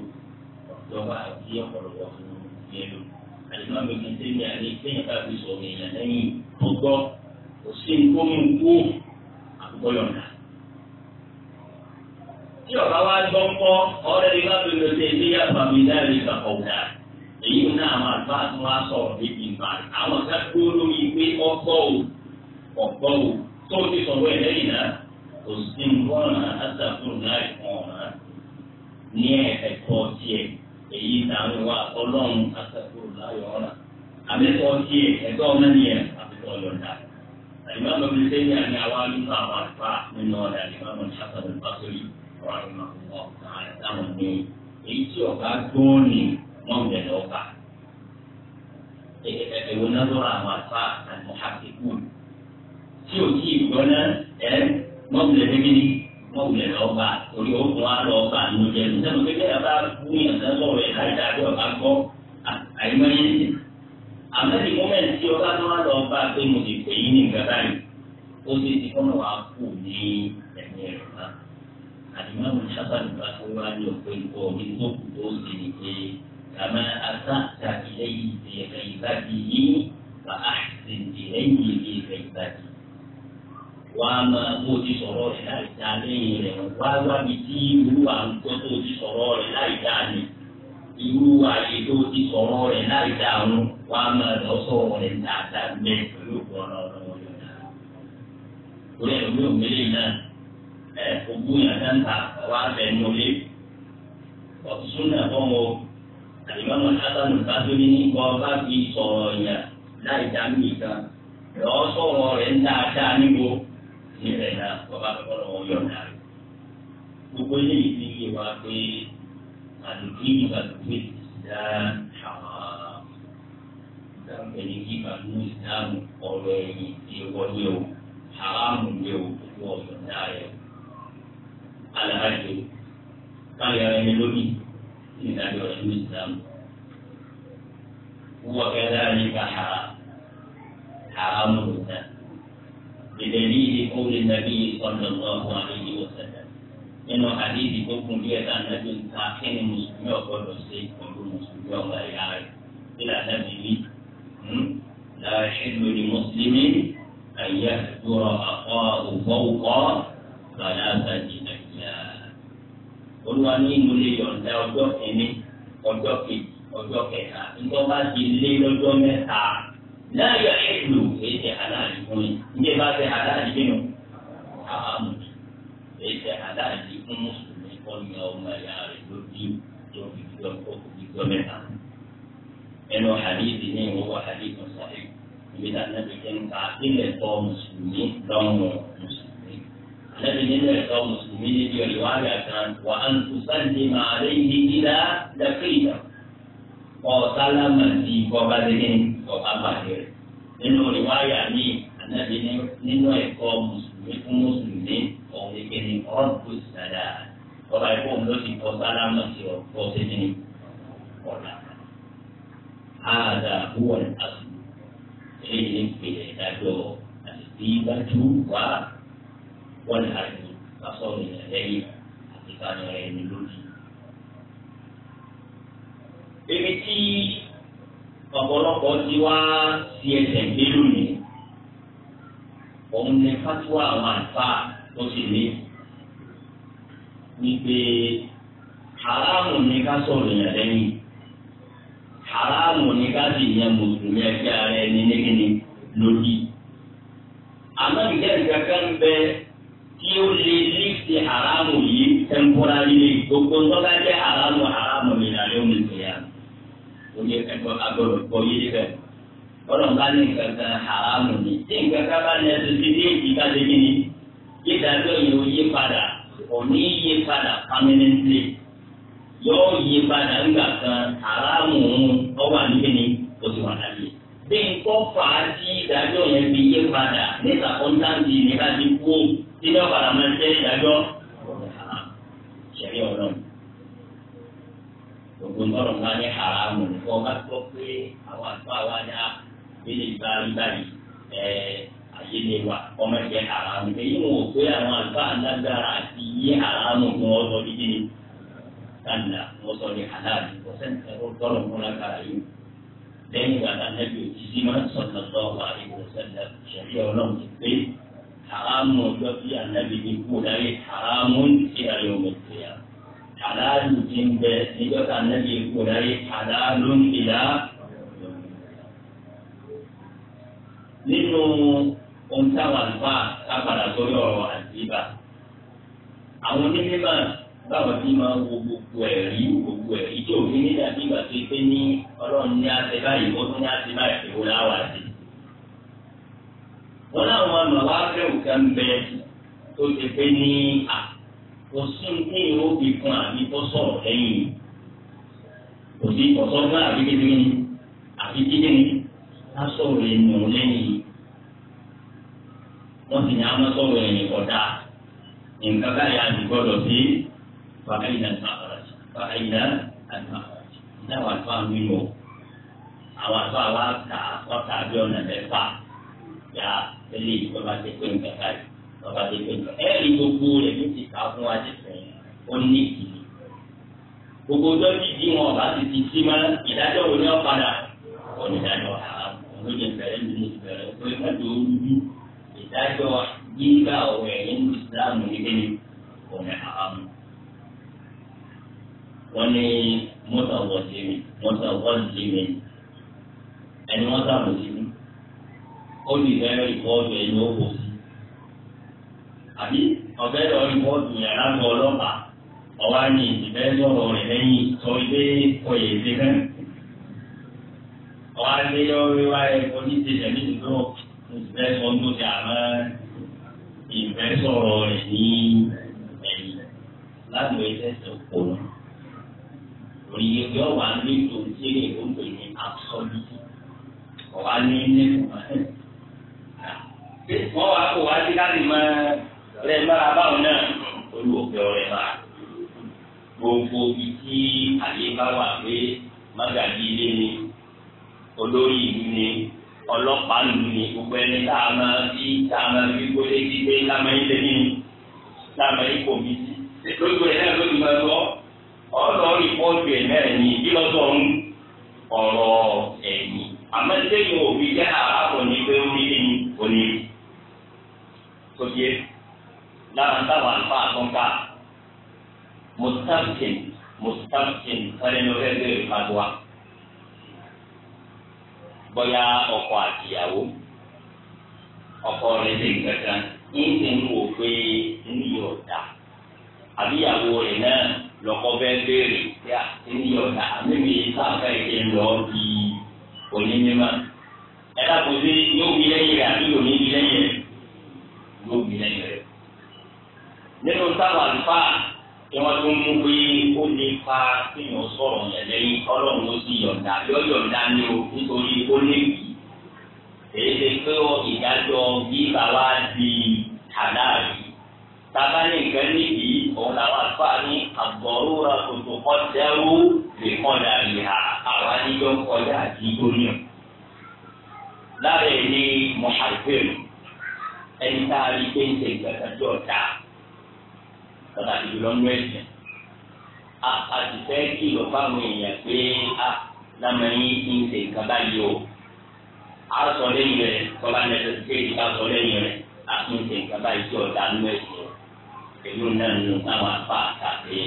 A: ọ̀dọ́gba àti ọ̀pọ̀lọpọ̀ fún yẹn lò àdìmọ́ mi kì í tẹ́lẹ̀ àní kéèyàn bá fi sọ̀rọ̀ èèyàn lẹ́yìn tó gbọ́ kò sí nǹkan kú àkókò yọ̀ǹda. tí ọ̀gá wa gbọ́ ń kọ́ ọ̀rẹ́ ìgbà tó lè ṣe ìdíyàwó àmì ìdá ìgbà kọ̀ọ̀dà èyí náà àwọn àgbà tó wá sọ̀rọ̀ níbi ìgbà àwọn kan tó lórí pé ọgbọ́ o ọgbọ́ o tó ti sọ̀rọ̀ ẹ̀ lẹ́yìn náà kò sí nǹkan àtàkùn náà ìfọ̀n ọ̀ràn ní ẹ̀kọ́ tiẹ̀ èyí táwọn wa ọlọ́run àtàkùn láyọ̀ ọ̀ràn àbẹ̀kọ́ tiẹ̀ ẹ̀kọ́ ọ̀nà nìyẹn àbẹ̀kọ́ ọ̀yọ̀dà àyùmá lọ́bi sẹ́yìn àní àwọn àgbà nínú ọ̀dà wọn ń bẹ̀rẹ̀ ọkà ẹ̀wọ̀n náà lọ́rọ̀ àwọn àfa àti àfikù tí o tí ì gbọ́ná ẹ wọ́n ń bẹ̀rẹ̀ bí wọ́n ń bẹ̀rẹ̀ ọkà torí ó fún wa lọ ọkà ló jẹ ní sẹ́nu pé bá fún yàn sẹ́nu rẹ̀ káyọ̀dá bí ọba gbọ́ àyíwáyé ní. àmẹ́rì mọ́mẹ́ntì tí ọba tó wá lọ ọba pé mo lè pè yín ní nǹkan báyìí ó ti di kọ́nà wa kù ní ẹ̀yìn ẹ̀rọ náà àdìmọ́ àwọn ìṣàkàlù bá tó wá ní ọ̀pẹ ìkọ́ omi tó kù tó ń كما أسأت إليه في غيبته فأحسن إليه في غيبته wàá máa bó ti sọ̀rọ̀ rẹ̀ láì dá lẹ́yìn rẹ̀ wá wábi tí irú àǹkọ́ tó ti sọ̀rọ̀ rẹ̀ láì dá ni irú àyè tó ti sọ̀rọ̀ rẹ̀ láì dá ọ̀run wàá máa lọ sọ̀rọ̀ rẹ̀ dáadáa mẹ́ pẹ̀lú ọ̀rọ̀ ọ̀rọ̀ ọ̀rọ̀ náà. orí ẹ̀rọ mi ò mélé náà ẹ̀ ogún yàtọ̀ ń ta wàá bẹ̀ ní olé kàlímọ́mù hasanu bàtúni nípa ọba fi sọ̀rọ̀ yàn láì dá mi kan lọ́ọ́ sọ̀rọ̀ rẹ̀ ń dáadáa níbo nílẹ̀ náà bàbá mi kọ́ lọ́wọ́ yọ̀ọ̀dà rẹ̀. gbogbo eléyìí ti yé wa pé àlùkí ìbàlùkí dá àwọn ìdáǹpẹ̀lẹ̀ ìbàlù ìdáàmú ọ̀rọ̀ ẹ̀yìn ti wọlé o haramu lé o gbogbo ọ̀yọ̀dà rẹ̀. alahari káyọ̀ ẹni lónìí. من أبي رسول الدم وكذلك حرام حرام الدم بدليل قول النبي صلى الله عليه وسلم إنه حديث يقول لي أن النبي ساكن المسلمين وقول السيد كل المسلمين ولا يعرف إلى نبي لا يحل لمسلم أن يهجر أخاه فوق ثلاثة olúwa ní ìmúlẹ̀ yọ̀ǹda ọjọ́ kìíní ọjọ́ kejì ọjọ́ kẹta nítorí bá ti lé lọ́jọ́ mẹ́ta láyọ̀ ẹ̀lò ètè aláàjì fún mi ní bá fẹ́ aláàjì bí nù àhámù ètè aláàjì fún mùsùlùmí ọ̀nà ọmọ ẹ̀yà rẹ̀ ló bí tó fi gbọ́ ọkọ̀ gbígbọ́ mẹ́ta. ẹnu hadithi ní ìwọ́wọ́ hadithi sọ̀rọ̀ ibi tí náà ti jẹ́ nípa ilẹ̀ tọ́ mùsùlùmí lọ́mọ́ àlẹ́bí nínú ẹ̀tọ́ mùsùlùmí níbi ọ̀lẹ́wà rẹ̀ kan wà á ń tún sáǹdì máa rẹ̀ yìí nílá dàkìyà ọ̀sálámà ti bọ́ba lẹ́yìn bọ́ba bàjẹ́ rẹ̀ nínú ọ̀lẹ́wà rẹ̀ ní àlẹ́bí nínú ẹ̀tọ́ mùsùlùmí fún mùsùlùmí ọ̀hún ìkẹ́ni ọ̀dù sàdà bọ́ba ẹ̀kọ́ òun ló ti bọ́ sálámà ọ̀pọ̀ sẹ́yìn ọ̀dà àdà hùwà àsùn èyí ń àti wọ́n lè hàní kásọ̀rọ̀ ìyàlẹ́yìn àti kánìyàn ẹni lójú. Ibi tí ọ̀pọ̀lọpọ̀ ti wá sí ẹsẹ̀ gbé lónìí, òun ni fásiwá àwọn àlùfáà tó sì ní. Ní haramu ni ká sọ̀rọ̀ ìyàlẹ́yìn, haramu ni ká sì yan mùsùlùmí ẹgbẹ́ ara ẹni nígbìnnì lójú. Àmọ́ ìjẹ́ ìjẹ́ kan bẹ́ẹ̀ tí ó lè ní ti haramu yìí tẹ́ḿpọ́rárì ni gbogbo ńlọ́gá jẹ́ haramu haramu mi là ló ń sèyà. o yẹ ẹgbẹ́ agbọ̀rọ̀ gbọ́ yé bẹ́ẹ̀. ọ̀rọ̀ bá ní kankan haramu ni tí nkankan bá ní ẹsẹ̀ ti dé ìgbà lẹ́yìn ni ìdájọ́ yìí ó yí padà kò ní yí padà pámẹ́nẹ́ńtì yóò yí padà ńgbà kan haramu ọwọ́ àdúgbò ni o ti wà láyé bí nǹkan fà á yẹn fi yí padà nígbà kọ́ńtántì nígbà tí kú ilé ọ̀padà máa ń tẹ́ ìdájọ́ ṣẹ̀rí ọ̀rọ̀ mi. Gbogbo ńlọrọ̀ máa ní haramu nípa ọba gbọ́ pé àwọn àtọ́ àwa dá ilé ìgbà ìgbàlì ayé lè wà ọmọ ìjẹ́ haramu. Èyí wò pé àwọn àtọ́ àdágbára àti iye haramu fún ọ̀sọ̀ dídí ni. Kàdà wọ́n ní halali ọ̀sẹ̀ ní ẹ̀rọ tọ́lọ̀ fún lágbára yìí. Lẹ́yìn ìgbà tá a nẹ́bí òjijì máa ń sọ̀tọ̀ sọ́ọ̀ haramu ọjọ́ tí ànábi ti kú láyé haramu ti àyè òmìnira halalu ti ń bẹ níjọ́ tí ànábi ti kú láyé halalu ń ìlà. nínú ohun táwọn àlùfáà kápadà sórí ọ̀rọ̀ àdìbà àwọn onímọ̀ báwo ti máa wo gbogbo ẹ̀rí gbogbo ẹ̀rí tí òfin nígbà tí ìgbà tó ṣe ní ọlọ́run ní àṣẹ báyìí ó tún ní àṣẹ báyìí ìwọ láwàá wọn láwọn àmàwá fẹ́rù kan bẹ tó ti pé ní à kò sí ní ìwọ bí fún àbí tó sọ̀rọ̀ lẹ́yìn kò sí ọ̀sọ́ fún àbí kékeré ni àbí kékeré ni á sọ̀rọ̀ ẹ̀yìn lẹ́yìn wọ́n sì ní àwọn sọ̀rọ̀ ẹ̀yìn ọ̀dà nǹkan báyìí á ti gbọ́dọ̀ sí fàáyìn àti àfàràjì fàáyìn àti àfàràjì dáwọ̀ àti àwọn àmì wọ̀ àwọn àti àwọn àkà ọ̀tà àbí ọ̀nà mẹ́fà yà eléyìí tọ́ba ti pé nǹkan káyì tọ́ba ti pé nǹkan ẹ̀rí gbogbo rẹ̀ ló ti kà fún wa ó ní ìdí gbogbo ọjọ́ ti di wọn ọba ti ti sí máa ìdájọ́ wo ni wọ́n padà wọ́n ìdájọ́ àwọn ọjọ́ bẹ̀rẹ̀ ní bẹ̀rẹ̀ pé mọ́tò olúdú ìdájọ́ yíyá ọ̀rọ̀ ẹ̀yìn ìsìlámù nílé ọ̀nà àbámu. wọ́n ní mọ́tò ọ̀wọ́ sí mi mọ́tò sí mi ẹni mọ́tò sí mi ó lè fẹ́ rìpọ́ọ̀tù ẹ̀yìn ó kò sí. àbí ọ̀fẹ́ lọ rìpọ́ọ̀tù yẹn láti ọlọ́pàá ọ̀wá ní ìfẹ́ sọ̀rọ̀ rẹ̀ lẹ́yìn sọ pé oyè ti fẹ́. ọ̀wá lé ọ̀rẹ́ wa ẹ̀ kọ́ ti tẹ̀lé ìdúró mo sì fẹ́ sọ ní oṣù àmọ́ ìfẹ́ sọ̀rọ̀ ní ẹ̀yìn láti wọ́n ṣe ṣe kó lọ. òye yóò wá ní tòun ṣe é ó ń pè absolute ọ̀wá ní ní ọ̀hún wọ́n wá kó wá sí káàdì mọ́ rẹ̀ mọ́ra báwọn náà olùwọ̀pẹ̀ ọ̀rẹ́ máa gbogbo ibi tí àyè bá wà pé mágàdí ilé ni olórí ìlú ni ọlọ́pàá ìlú ni gbogbo ẹni tá a máa fi tá a máa fi gbólé sí pé lámà yín lé nínú lámà yín kò mí sí lójú ẹ̀ náà lójú máa lọ ọ̀rọ̀ ìpọ́jù ẹ̀ náà ní ìlọ́sọ̀ ń ọ̀rọ̀ ẹ̀yìn àmọ́ sẹ́yìn òbí jẹ́ àbábọ̀ ní pé ó ní kí ni kò ní tóbi yẹ lára táwọn àlùfáà àtúnká mustaphin mustaphin fẹlẹ́nufẹ́ bèrè fàdúrà bóyá ọkọ àtìyàwó ọkọ rẹ lè gbẹ̀gàn yín ti ń wò pé ní ọ̀dà àbíyàwó rẹ náà lọkọ bẹ́ẹ̀ bèrè ah, yá ní ọ̀dà àmì sáfẹ́ ìṣe ń lọ bí onímọ̀ ẹ̀ dàpọ̀ sí yóò fi lẹ́yìn rẹ̀ àbí yóò ní fi lẹ́yìn rẹ̀ yóò mi lẹ́yìn rẹ̀. nínú táwọn àlùfáà tí wọ́n tún mú pé ó lè fa kéèyàn sọ̀rọ̀ yẹn lẹ́yìn ọlọ́run ó sì yọ̀ǹda yọ yọ̀ǹda ni o nítorí ó lébi èyí ṣe pé ìdájọ́ bí bàbá di àdáàbí tàbá ní nǹkan níbi òun làwọn àlùfáà ní àgbọ̀rúra tòtò kọ́ dẹ́rú lè kọ́ dàbí ha àwa níjọ́ kọjá àti gbóríyàn. lára ẹ̀ ní mọ̀ṣàgbéru ẹni tá a rí pé ń ṣe ìgbàgbọ́ tí ọ̀dà pàtàkì jùlọ ń lẹ́sìn a ti fẹ́ kìlọ̀ fáwọn èèyàn pé a lámà yín kí n ṣe nǹkan báyìí o a sọ lẹ́yìn rẹ̀ tọ́ba nẹ́tẹ̀ tẹ́lẹ̀ ká sọ lẹ́yìn rẹ̀ a kì í ṣe nǹkan báyìí tí ọ̀dà ń lẹ́sìn o náà nù àwọn apá àtàkì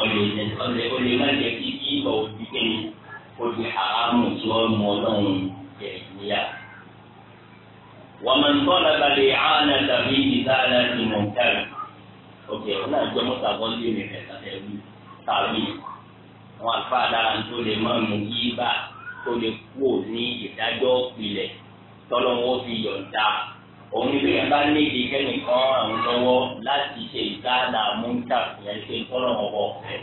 A: ọ̀lẹ́ ọ̀lẹ́ ọ̀lẹ́ má jẹ́ kí kí ìbọ̀ òbí kéde ó di haramu tí wọ́n mú ọlọ́run ومن طلب الإعانة في إزالة منكر اوكي هنا جمع تقولي من التأويل تأويل àwọn àlùfáà dára tó lè má mú yí bá tó lè kú ní ìdájọ́ ìpìlẹ̀ tọ́lọ́wọ́ fi yọ̀ǹda òun ní bá nídìí kẹ́nìkan àwọn lọ́wọ́ láti ṣe ìdáàdà múntà yẹn ṣe tọ́lọ́wọ́ ọ̀fẹ́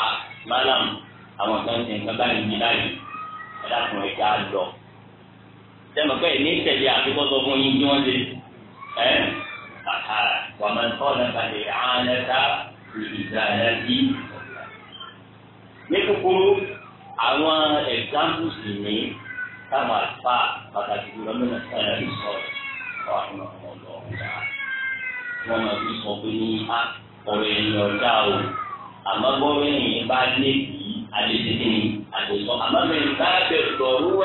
A: à málàm àwọn kan ṣe nǹkan báyìí ní báyìí ẹ̀dá kan ẹ̀dá sẹ́mi pé ní tẹ̀lé àfikọ́sọ fún yín kí wọ́n ṣe ẹ́ bàtà wàmọ̀ tọ́lá balẹ̀ ànẹ́ta ìdàlẹ́ bí. ní kúkúrú àwọn examples ní táwọn àlùfà pàtàkì jùlọ mẹ́ta sáyà ń sọ ọ́ àwọn ọmọ ọ̀gá wọn máa fi sọ pé ní a ọ̀rọ̀ ẹ̀yìn ọ̀dà o àmọ́ gbọ́dọ̀ ẹ̀yìn bá lé bí alẹ́ tẹ́tẹ́ ni àgbẹ̀sọ àmọ́ bẹ́ẹ̀ bá bẹ̀rù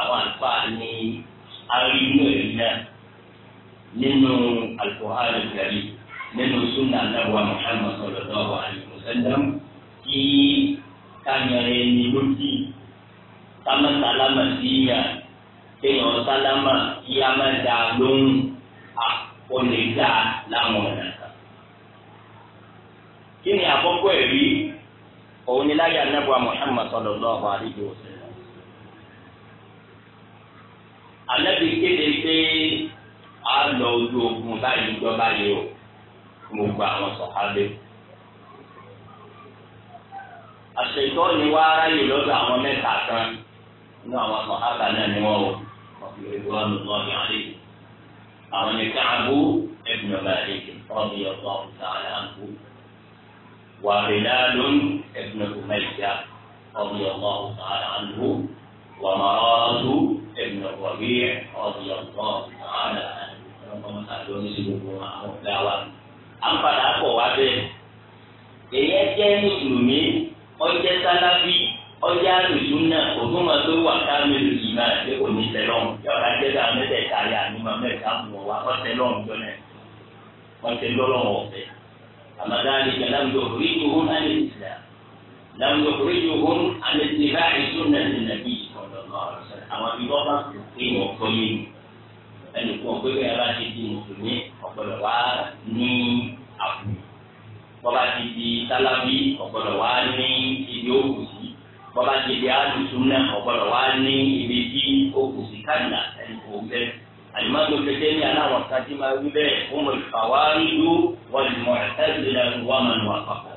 A: àwọn àlùfáà ní arínú ẹ̀rí náà nínú Al-Qur'an Al-Karim nínú súnà aláwa Muhammad sallallahu alaihi wasallam kí kányẹrẹ ní lójì kámẹ́sálámà sí yàn kéèyàn sálámà kí a máa dà lóhùn àpọ̀lẹ́dà láwọn ọ̀nà kan. kí ni àkọ́kọ́ ẹ̀rí òun ni láyé anábọ̀ Muhammad sallallahu alaihi wasallam. anabi kéde pé a lọ ojú ogun báyìí jọba yìí o mo gba àwọn sọ̀hábẹ́. àṣetọ́ ni wá aráyè lọ́dọ̀ àwọn mẹ́ta kan nínú àwọn sọ̀hábà náà ni wọ́n o ọ̀pọ̀lọpọ̀ ìwà lọ́dọ̀ ní alẹ́ yìí. àwọn ni káàbù ẹ̀bùn ọ̀gá àlejò ọ̀bí ọ̀tọ̀ ọ̀tà àlàǹkù wàhálà lónìí ẹ̀bùn ọ̀gá ìjà ọ̀bí ọ̀tọ̀ ọ̀tà ابن الربيع رضي الله تعالى عنه ọmọ àdóni sí gbogbo àwọn ọ̀gá wa. à ń padà pọ̀ wá bẹ́ẹ̀. èyẹ jẹ́ mùsùlùmí ọjẹ́ sálábí ọjẹ́ àlùsúnà ògúnmọ̀ tó wà kámẹ́lù ìmọ̀ àti onísẹ̀lọ́mù yọ̀ọ̀dá jẹ́ bá mẹ́tẹ̀ẹ̀ta yà ní ma mẹ́ta mọ̀ wá ọ̀sẹ̀lọ́mù jọ́nà ọ̀sẹ̀lọ́lọ́wọ̀ ọ̀fẹ́. àmàdáni kàlámdò oríjòhún alẹ́ ìsìlá lámdò oríjòhún alẹ́ ìsìlá ìsúnà ìsìlá bíi ọ̀dọ̀ náà àwọn irọ́ bá kò pé wọ́n kọ́ yé mi ẹnì kan pé bẹ́ẹ̀ bá ti di mùsùlùmí ọ̀gbọ́dọ̀ wá ní àbùkù bọ́ba ti di tálábí ọ̀gbọ́dọ̀ wá ní ibi òkú sí bọ́ba ti di alùsùnà ọ̀gbọ́dọ̀ wá ní ibi tí òkú sí kàdà ẹnì kan bẹ́ẹ̀ alimami tètè ní aláwọ̀ kájí máa wí bẹ́ẹ̀ ọmọ ìfàwárí ló wọ́n ti wọ́n máa nù àpapọ̀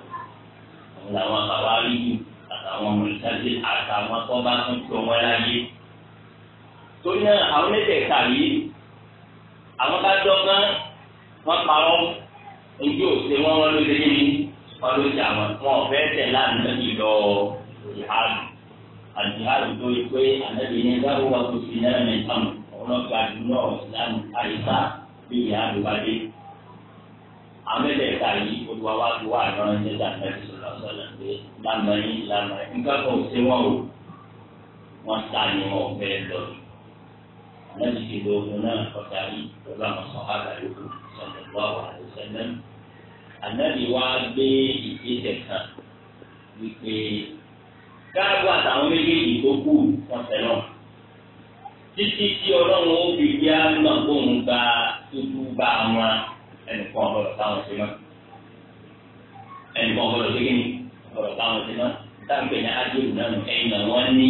A: àwọn làwọn àfàwárí àtàwọn mọ̀lẹ́tàdé àtàwọn tó bá tún tó wọn láyé torí náà àwọn mẹ́tẹ̀ẹ̀ta yìí àwọn bá dọ́gbọ́n wọ́n parọ́ ojú òsè wọn wọn ló dédé ní wọn ló jà wọn wọn ọ̀fẹ́ tẹ̀ láàánú ìlọ ìhàlù àdìhàlù tó yẹ pé ànábi ní bá wọn kò sí náà mẹ́tàn ọlọ́gba dùnà ìlànà àyíká bí ìhàlù bá dé. àwọn mẹ́tẹ̀ẹ̀ta yìí olúwa wá tó wà lọ́rọ́ ní dàgbà ìṣòro ọ̀sọ̀lẹ̀ pé lámàyín lámàyín nǹkan kan ò wọn o wọ́n sá ni wọn ò fẹ́ lọ́dún ànábì ṣe gbogbo náà ọ̀darí pẹ̀lú àwọn sọ̀hádà yòókù sọ̀dọ̀gbọ́ àwọn àdìsẹ́lẹ̀. ànábì wá gbé ìgbésẹ̀ kan wípé káàbọ̀ àtàwọn méjèèjì tó kù wọn tẹ̀lọ́ títí tí ọlọ́run ó fi bí àmọ́ òun gba tútú bá wọn ẹnìkan ọ̀bọ̀dọ̀ táwọn ṣe náà ẹnìkan ọ̀bọ̀dọ̀ ṣe kí ni ọ̀bọ̀dọ̀ táwọn ṣe náà táwọn pè ní ẹ̀yìn náà wọ́n ní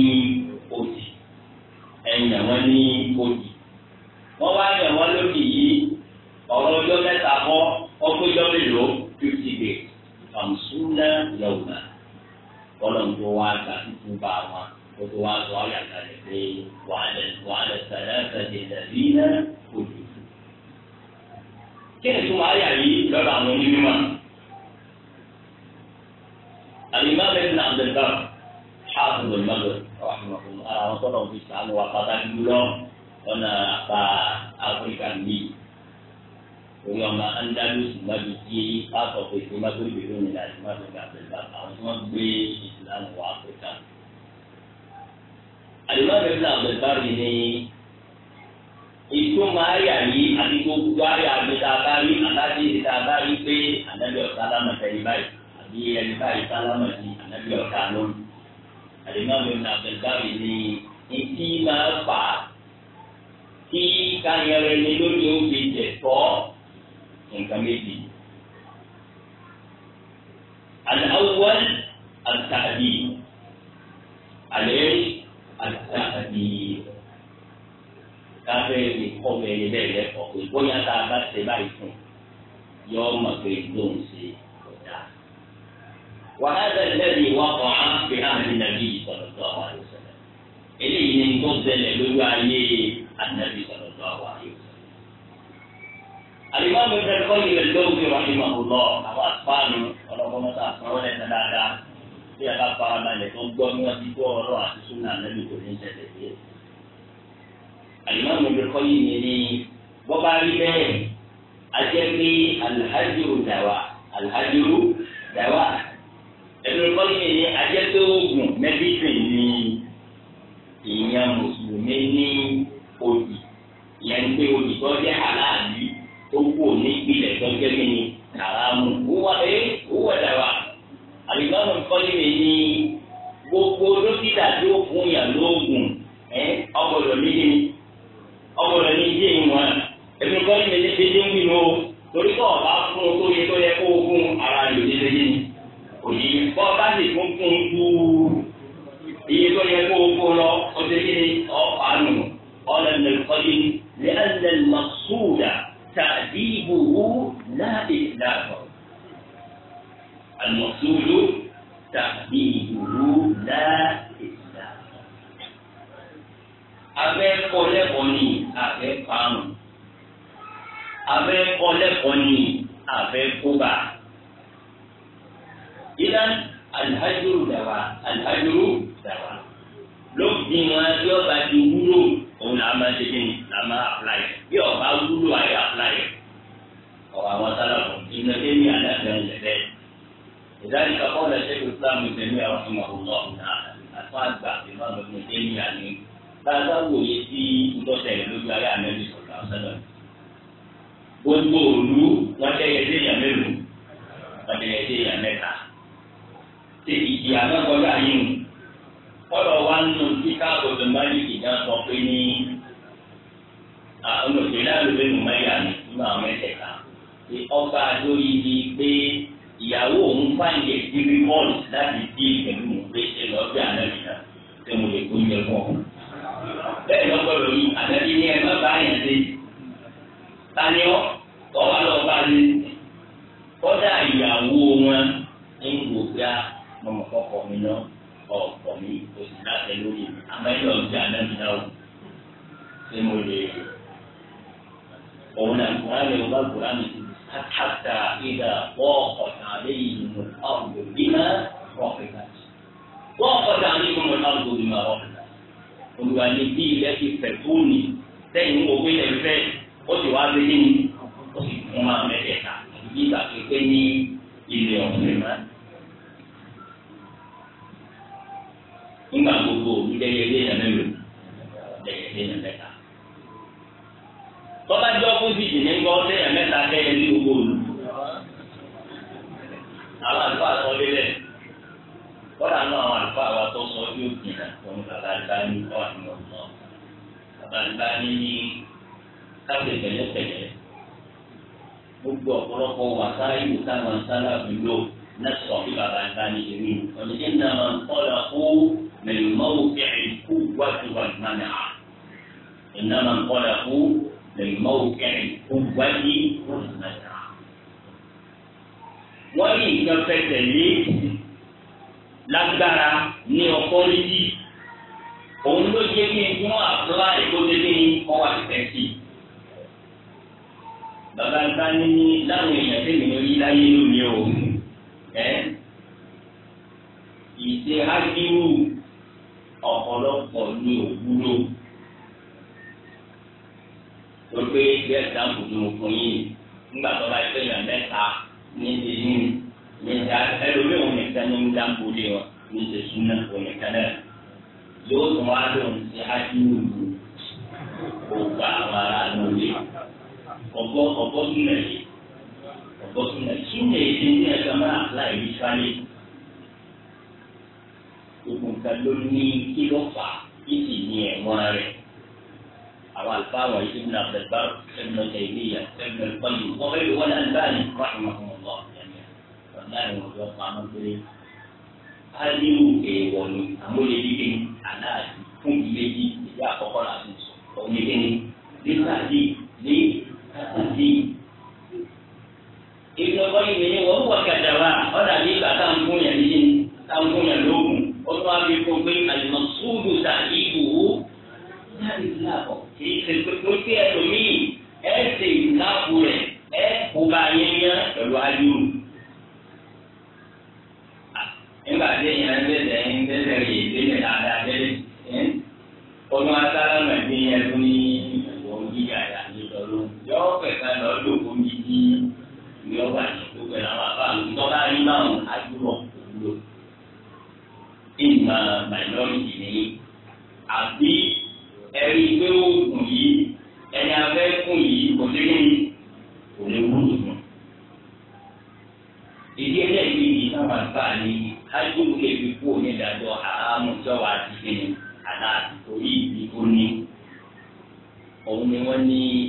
A: ẹ̀yàn wọn ní odi wọ́n wá yàn wọ́n lókè yìí ọ̀rọ̀ ọjọ́ mẹ́ta bọ́ ọgbẹ́jọ́ mélòó fifty days kàmsúnà lọ́wọ́ kọ́lọ́ǹtò wa gbà tuntun bá wọn kótó wa sọ ayà kalẹ̀ pé wàhálẹ̀ wàhálẹ̀ sẹ̀lẹ̀ sẹ̀lẹ̀ lẹ́bí náà kò jù. kí ni tó máa yà yìí lọ́dọ̀ àwọn onímọ̀? àlùmọ́ bẹ́ẹ̀ ní àbẹ̀bà ṣáàtúndùn mọ́tò àwọn tọ́lọ̀ fi sàánù wa pàtàkì jùlọ lọ́nà apá áfíríkà mi torí ọmọ Andalus mọ́bi tí pásọ̀ pèsè mágbègbè lónìí láti má lọ́gà pẹ̀lú àwọn tí wọ́n gbé ìsìlámù wá áfíríkà. àdìmọ́ ìrẹsì àbẹ̀bárì ni ìtumọ̀ àyà yìí àti gbogbo àyà àgbẹ̀ta bá rí àbájáde ìta bá rí pé ànábì ọ̀sán tẹ̀lé báyìí àbí ẹni báyìí sálámọ̀ sí ànábì ọ̀sán lónìí alimami abdulbari ni ìtì máa fà tí kányẹrẹ ni lórí oúnjẹ jẹ tọ́ nǹkan méjì. الأول التأديب عليه التأديب káfíń ní kọ́mẹ́ni bẹ́ẹ̀ lẹ́kọ̀ọ́ pé bóyá tá a bá ṣe báyìí fún yọ ọmọ pé lóun ṣe é. وهذا الذي وقع في عهد النبي صلى الله عليه وسلم إليه من قدر لوعي النبي صلى الله عليه وسلم الإمام ابن القيم الجوزي رحمه الله أو أطفاله ولو ما تأخرون يتدادا tí a bá fara balẹ̀ tó gbọ́ ní wọ́n ti gbọ́ ọ̀rọ̀ àti súnà lẹ́nu kò ní ṣẹlẹ̀ sí. àlùmọ́ọ̀mù mi kọ́ yìí ni ẹnu kọ́ni ní ajẹ́pẹ́ oògùn mẹ́díkì ní ìyẹn mùsùlùmí ní òdì ìyẹn pé òdì tó jẹ́ aláàbí tó kù ní ìpìlẹ̀ tó jẹ́ mi ní kàrámù wúwa ẹ wúwa dàrá àlùbáwò kọ́ni mi ní gbogbo dókítà tó fún yàn lóògùn ẹ ọgbọdọ̀ níbi ọgbọdọ̀ níbi ìwọ̀n ẹnu kọ́ni mi ní pété ń gbìn o torí kọ́ ọ̀bá fún o tó yẹ tó yẹ kó o fún ara yòó nílé yìí òyì bọ́ bá lè fún fún kú iye tó yẹ kó o kó lọ o ti kí ni ọ̀pá nù ọ̀lẹ̀ mẹ́kọ́lì ní ẹ̀lẹ̀ mọ̀súùdà tàbí ìbòwò láì dàgbọ̀. àlùmọ̀súùdù tàbí ìbòwò láì dàgbọ̀. abẹ́ kọ́lẹ́kọ̀ọ́ ni abẹ́ pàmò abẹ́ kọ́lẹ́kọ̀ọ́ ni abẹ́ kóbà ìlànà alihajuru dàwa alihajuru dàwa lóògì wọn bí ọba ti wúlò òun là máa ṣe kí ni là máa apply bí ọba wúlò àyè apply ọba àwọn sálàbọ ìgbà tẹ́lẹ̀ ní aláàbẹ̀rẹ̀ lẹ́lẹ́ ìdájí kakọ́ ọ̀la ṣe kó sáà mi tẹ̀lé àwọn ọmọ ọmọ ọ̀nà àtọ́ àgbà ìlú àwọn ọmọ tẹ́lẹ̀ ní àná bàbá wòye sí ìtọ́sẹ̀ lójú ayé àmẹ́lì sọ̀rọ̀ àwọn sálàbọ gbogbo òlu wọn tẹ́yẹ sí ìyàmẹ́lò wọn tẹ́yẹ sí ìyàmẹ́ta ìyá náà yìí kọ́lọ̀ wa nù tí káàbọ̀ tó má yìí ìjà sọ pé ní àwọn òṣèlú àlùbẹ́ nù mẹ́yà nínú àwọn ẹ̀ṣẹ̀ká ní ọba lórí ni pé ìyàwó òun fáìlì ìdílé bọ́ọ̀lù láti dí pẹ̀lú mọ̀ pé ẹ lọ bí ànábì ṣé mo lè kó yẹ fún ọ. bẹ́ẹ̀ lọ́gbọ̀dọ̀ yìí ànábì ní ẹ má bá yẹn dé tani ọ́ ọ̀wá lọ́ọ́ bá lé kọ́dà ìyàwó wọn ń wò mo mọ̀ mi náà ọ̀pọ̀ mi o sì láṣẹ lórí mi àmọ́ ẹ̀yọ̀ ọ̀jà náà mi náà o ṣé mo lè òun náà kúrò àlẹ́ ọba kúrò àmì àtàtà ìdá wọ́ọ̀kọ̀tà lẹ́yìn ìmọ̀ ọ̀gbọ̀n bímọ rọ̀fẹ̀tà wọ́ọ̀kọ̀tà lẹ́yìn ìmọ̀ ọ̀gbọ̀n bímọ rọ̀fẹ̀tà olùwà ní bí ilẹ̀ ti fẹ̀ tó sẹ́yìn òwe lẹ̀ fẹ́ ó sì wá lé ní ó sì fún wa mẹ́tẹ̀ẹ̀ta ìgbà pé ní ilẹ̀ ọ̀fẹ́ máa ìdẹ̀yẹ ilé yẹn mẹ́lò ìdẹ̀yẹ ilé yẹn mẹ́ta. tọ́lá jọ fún bìjì ní gbọ́ ọdẹ yẹn mẹ́ta dẹ́yẹ ní gbogbo olù. àwọn àlùfáà sọ lélẹ̀ kọ́dà náà àwọn àlùfáà wa tó sọ bí òkè náà tó ń bàbá àlùfáà kọ́ àná ọ̀nà bàbá àlùfáà ní ní káfíń pẹ̀lẹ́pẹ̀lẹ́ gbogbo ọ̀pọ̀lọpọ̀ wàsáyé táwọn sálà fi lò nẹ́sọ̀ bí bàbá àlùfáà ní ìrìn ọ̀nà من موقع القوة والمنع إنما انطلقوا من موقع القوة والمنع wọ́n ní nǹkan fẹsẹ̀ lé lágbára ní ọ̀pọ́lẹ́jì òun ló jẹ́ kí n fún àpúláì tó lé ní ọwọ́ àtẹ̀sí. bàbá ń bá ní láwọn èèyàn tẹ̀lé orí láyé lónìí o. ìṣe ágírù ọ̀pọ̀lọpọ̀ ní òwúlò tó pé bẹ́ẹ̀ dáàbò ní òkun yìí nígbà tó bá ṣe mẹ́ta ní ti ní ìjà ẹlòmíràn nìkan ní ń dáàbò wọn ní ti súná òmìnkan náà yóò tún wá lóun sí ájúwò ògbà àwọn ará lórí ọgbọ́ ọgbọ́ súnmẹ̀ ọgbọ́ súnmẹ̀ súnmẹ̀ èdè ní ẹ̀ka máa láì rí sálẹ̀ gbogbo nǹkan ló ní kí ló fà á kí sì ní ẹ̀wọ̀n rẹ̀ àwọn àlùfáà wọn yìí ibùdó àbẹ̀bá ẹ̀mọ tẹ̀lẹ́yà ẹ̀mọ ìpọ́nlù wọn fẹ́ẹ́ wọ́n náà bá ní rahmanullah ẹ̀mí ọ̀dà ìwọ̀n tó pa ọmọ péré ìgbìyànjú wọ́n wọ kàdàwà ọ̀dà bí bàtà ń fún yàn yìí ń fún yàn lóògùn olùwà mi kò gbé àyùmọ̀ sùúrù ta ìbùwò láti láàbọ̀ kì í ṣe pé pé ẹlòmíì ẹ ṣe ìlàbù rẹ̀ ẹ kó bá yẹn yán pẹ̀lú ayúrù. nígbà tí èèyàn ń bẹ̀rẹ̀ ń bẹ̀rẹ̀ rè délẹ̀ dáadáa délẹ̀ olùwà sára mọ̀ ẹ̀mí yẹn fún ní ìwọ̀n gíga ìyàní lọ́lọ́ yọ pẹ̀ka lọ́ọ́ lóko mi ní ìyọ́bà tó pẹ̀lú àwọn àbá àlùkò bá rí báwọn ìmọ̀ minority nìyí àbí ẹ̀rí pé oògùn yìí ẹni abẹ́ fún yìí kò sí ní kò lè wúlò fún. ìdí ẹlẹ́yìn yìí táwọn àgbà ní ájúwò lè fi kú onídàájọ́ àhámù sọ́wọ́ àti kíni àlá àtìkò yìí ní ó ní. òun ni wọ́n ní.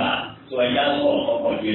A: bá tó ẹja sọ̀rọ̀ ọkọ̀ jẹ.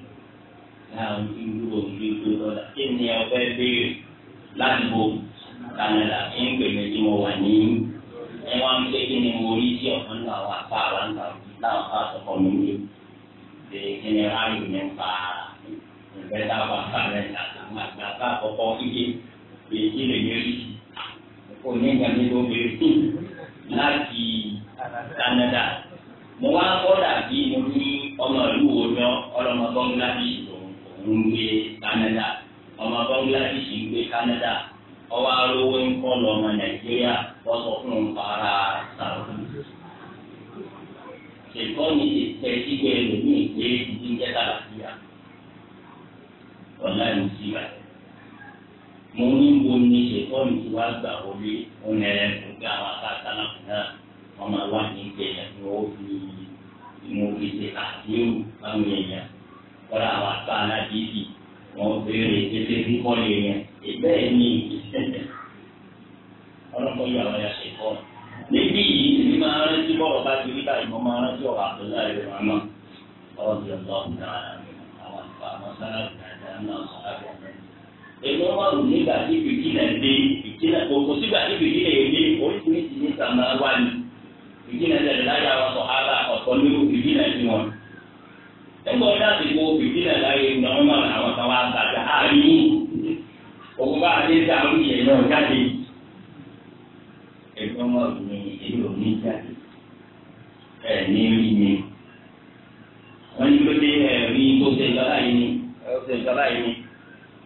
A: láàrin irú òbí tó lọ́la kí ni ẹ fẹ́ béèrè láti bo Canada ń gbèmí tí mo wà ní ẹ wá ń pé kí ni mo rí sí ọ̀kan náà wà pa àwọn àwọn àwọn àtọkọ mi ní ṣe kí ni ráàyò mi ń pa ìfẹ́ dábàá kàlẹ́ àtàwọn àgbà bá àkọ́kọ́ kíkẹ́ èyí kí lè yẹ rí kò ní ìgbà mi ló béèrè láti Canada mo wá kọ́ dàbí mo ní ọmọ ìlú wo náà ọlọ́mọ bọ́ńgá bíi ló ń gbé Canada ọmọ Bangladesh ń gbé Canada ọwọ́ arówó ń kọ́ lọ ọmọ Nàìjíríà wọ́n sọ fún un para sàrò. ṣèkọ́ni ti tẹ sígbẹ́ ẹlòmíì pé ìdí ń jẹ́ kàlàfíà ọ̀la ń sí mo ní wo ni ṣèkọ́ni ti wá gbà wọlé ọ̀nà ẹ̀ẹ́dùnkà àwọn akásálà náà ọmọ wa ní ìjẹ̀yà ni wọ́n fi ìmọ̀ òfin ṣe àdéhùn báwọn èèyàn kọ́ra àwọn àgbà aládìsí wọn béèrè ètè kíkọ́lé yẹn ìbẹ́ẹ̀ ni ọlọ́kọ̀ yóò àwọn ẹ̀ṣẹ̀ kọ́ níbí yìí èmi máa rántí bọ́ọ̀rọ̀ bá ti rí báyìí mo máa rántí ọ̀rọ̀ àbúrò àìrè wọn náà ọ̀rọ̀ ti ọ̀dọ́ ọ̀gá àwọn àgbà àwọn sáláàbù dáadáa náà sáláàbù ọ̀gá èmi wọn rò nígbà tí bìkínà dé bìkínà gbogbo sígbà tí bìkínà yẹn dé oríṣiríṣi ẹgbẹ́ ọ̀dà ti wo bìbí láyé nọ́ọ́mà àwọn kan wá gbàgbà ààyè òun bá adé sáré yẹn náà jáde ẹgbẹ́ ọmọ mi èyí ò ní jáde ẹ̀ ní rí mi wọ́n ní ló dé ẹ̀rí tó ṣe ìjọba yìí ni ṣe ìjọba yìí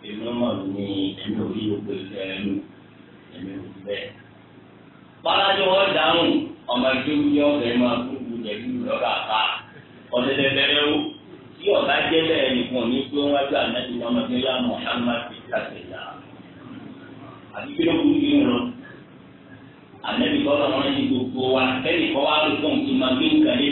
A: ni èmi ọmọ mi èmi ò rí òkú ìfẹ́ ẹnu èmi ò rí bẹ́ẹ̀. Bálájú wọn dáhùn ọmọ ìdíwú ní ọ̀gá máa kú ìlú jẹ̀bi lọ́dọ̀ àbá ọ̀dẹ̀dẹ̀ wò tí ọba jẹ́ bẹ́ẹ̀ nìkan ní pé wọ́n wájú ànábi ọmọdé yá Muhammad kàtẹ́lá àti kí ló burú yìí lọ ànábi kọ́ lọ́wọ́ ní gbogbo wa kẹ́lì kọ́ wá ló fún un máa gbé nǹkan ní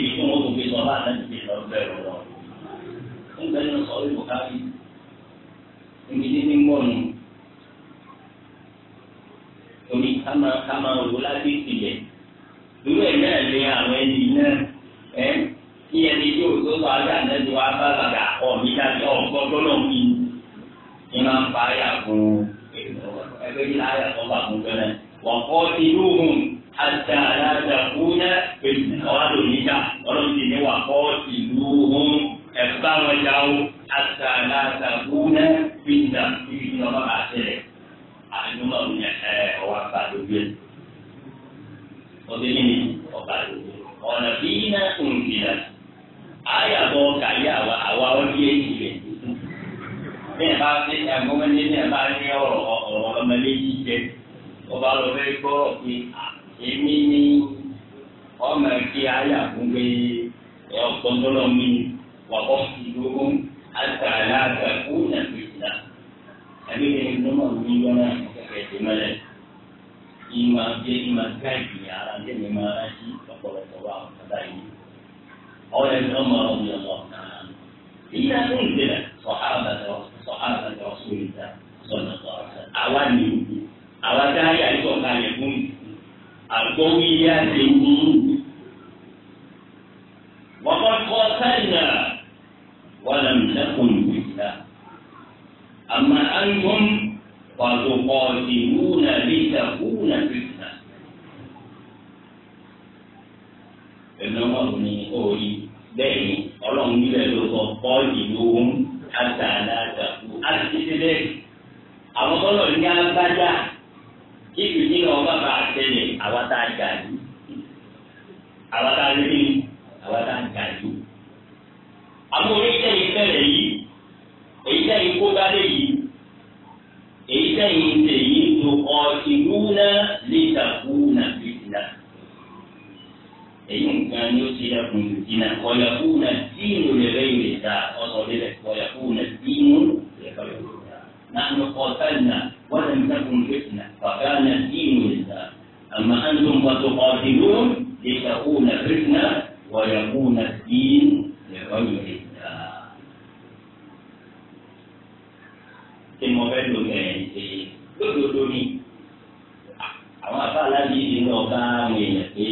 A: àwọn afá aláàbí yìí ní ọba àwọn èèyàn pé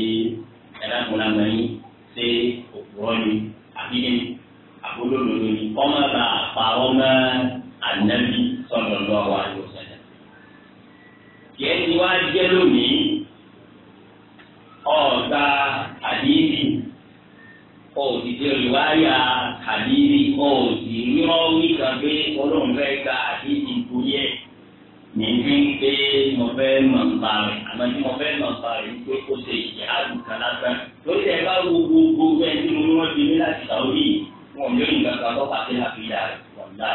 A: ẹ̀dàkùnrin àmọ́ yín ṣe òpùrọ́ ni àbí ní àbólólòdò ni kọ́mọ́ bá àparọ́ mọ́ ànábì kan tí mo fẹ́ nà ọ̀pá rẹ̀ wípé kó ṣe ìyá àlùkà lásán lórí ẹ̀ bá wo gbogbo ẹ̀ tí mo ní wọ́n ti ní láti ta orí wọn ò ní rí nǹkan kan tọ́ka sí àfihà rẹ̀ wọ̀nà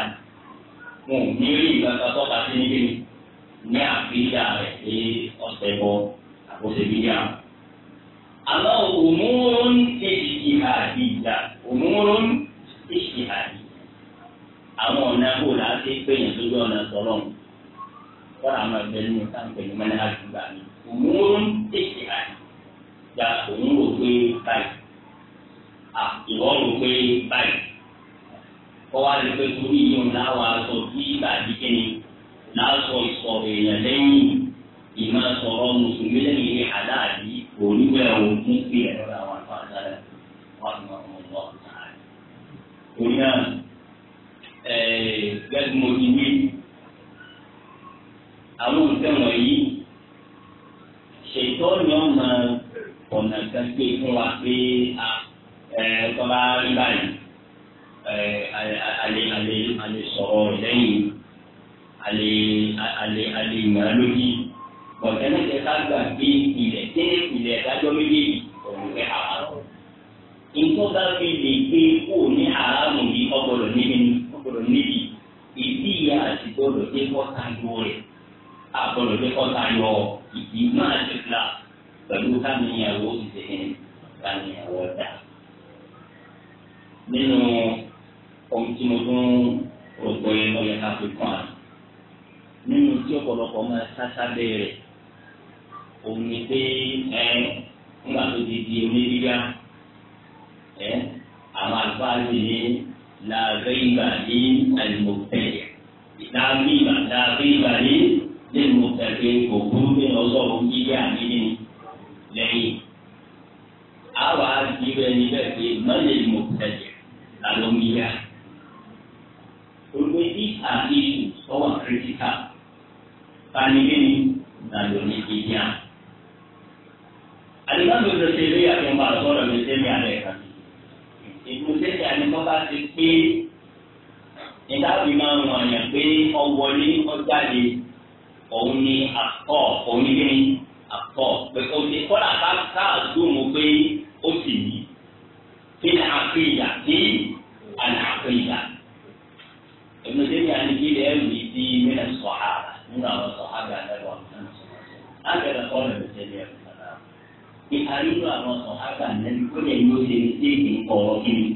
A: wọn ò ní rí nǹkan kan tọ́ka sí níbi ní àfihà rẹ̀ pé ọ̀sẹ̀ bọ àkóso ìbílẹ̀ àwọn. àmọ́ òmùrún èsì àdìjà òmùrún èsì àdìjà àwọn ọ̀nà kò láti pèyàn lójú ọ̀nà sọ̀rọ̀ wọn àwọn ẹgbẹ́ nínú táǹpẹ̀ ní mẹ́lẹ́ àdúgbà mi òun tètè àyè gba òun rò pé báyìí ìwọ rò pé báyìí kọ́ wá lè pé torí yìí ń láwọn aṣọ bí ìbàdí kíni láṣọ ìsọ̀rọ̀ èèyàn lẹ́yìn ìmọ̀ sọ̀rọ̀ mùsùlùmí lẹ́yìn ní àdáàdì òníwẹ̀ òun fún ìpìlẹ̀ àwọn àti àdáàdì wọn ni wọn mọ̀ lọ́wọ́ náà. torí náà ti wí àwọn òǹtẹ̀ wọ̀nyí ìtọ́ni ọmọ ọ̀nà kẹsíkẹ́ fún wa pé tọ́ba rí báyìí alẹ́ alẹ́ alẹ́ sọ̀rọ̀ lẹ́yìn alẹ́ alẹ́ alẹ́ ìmọ̀ràn lójú bọ̀dẹ́nì kẹta gbà pé ilẹ̀ dé ilẹ̀ ìdájọ́ méjèèjì òun fẹ́ àárọ̀ ìtọ́ba fi lè gbé kó ní àárọ̀ yìí ọgbọ̀dọ̀ níbi ọgbọ̀dọ̀ níbi ìdí ìyá àti gbọ́dọ̀ dé kọ́ta yọ rẹ̀ àgbọ̀dọ̀ dé kọ́ta yọ ọ́ ìdìmọ́ àdìgbà pẹ̀lú káníyàwó ìdè káníyàwó dà. nínú ohun tí mo tún rò pé ọyẹ ká fi kàn án nínú tí ọ̀pọ̀lọpọ̀ máa sásá bẹ̀rẹ̀ òun ni pé ẹ nígbà tó ti di onídìgá ẹ àwọn àlùfáà sì ní ní àlùmọ̀tẹ́lẹ̀ ìdáàbí ìgbà ní nínú tẹ̀lé kò ní ọlọ́run yíyá àníní lẹ́yìn. Àwa ìrú ẹni pé mọ́lẹ̀ mo tẹ̀lé lálọ́ yíyá. Olùgbé tí àti ìlú sọ́wọ́n kírísítà fanigéni lálọ́ ní yíyá. Àdìgbàdo ló ṣe eré àtúnbà sọ̀rọ̀ mi sẹ́mi àlẹ́ kan. Ìgbésẹ̀ àníkọ́ bá ti pé ìdábì máa ń wọ̀nyàn pé ọwọ́lé ọjáde òun ni àtọ̀ òun ni kíni àtọ̀ pé o ti kọ́lá ká ká àdúgbò pé ó sì ní kí ni àkéyà kí àná àkéyà ẹnu tẹ́lẹ̀ àníkílẹ̀ ẹ̀rù yìí ti mílẹ̀ sọ̀hárà nínú àwọn sọ̀hárà àlẹ́wọ̀ àgbẹ̀rẹ̀ kọ́lẹ̀ ló tẹ́lẹ̀ ẹ̀rù kàdá ìhàlílò àwọn sọ̀hárà àlẹ́wọ̀ kó lè ní o ṣe ní téèkì ọ̀rọ̀ kíni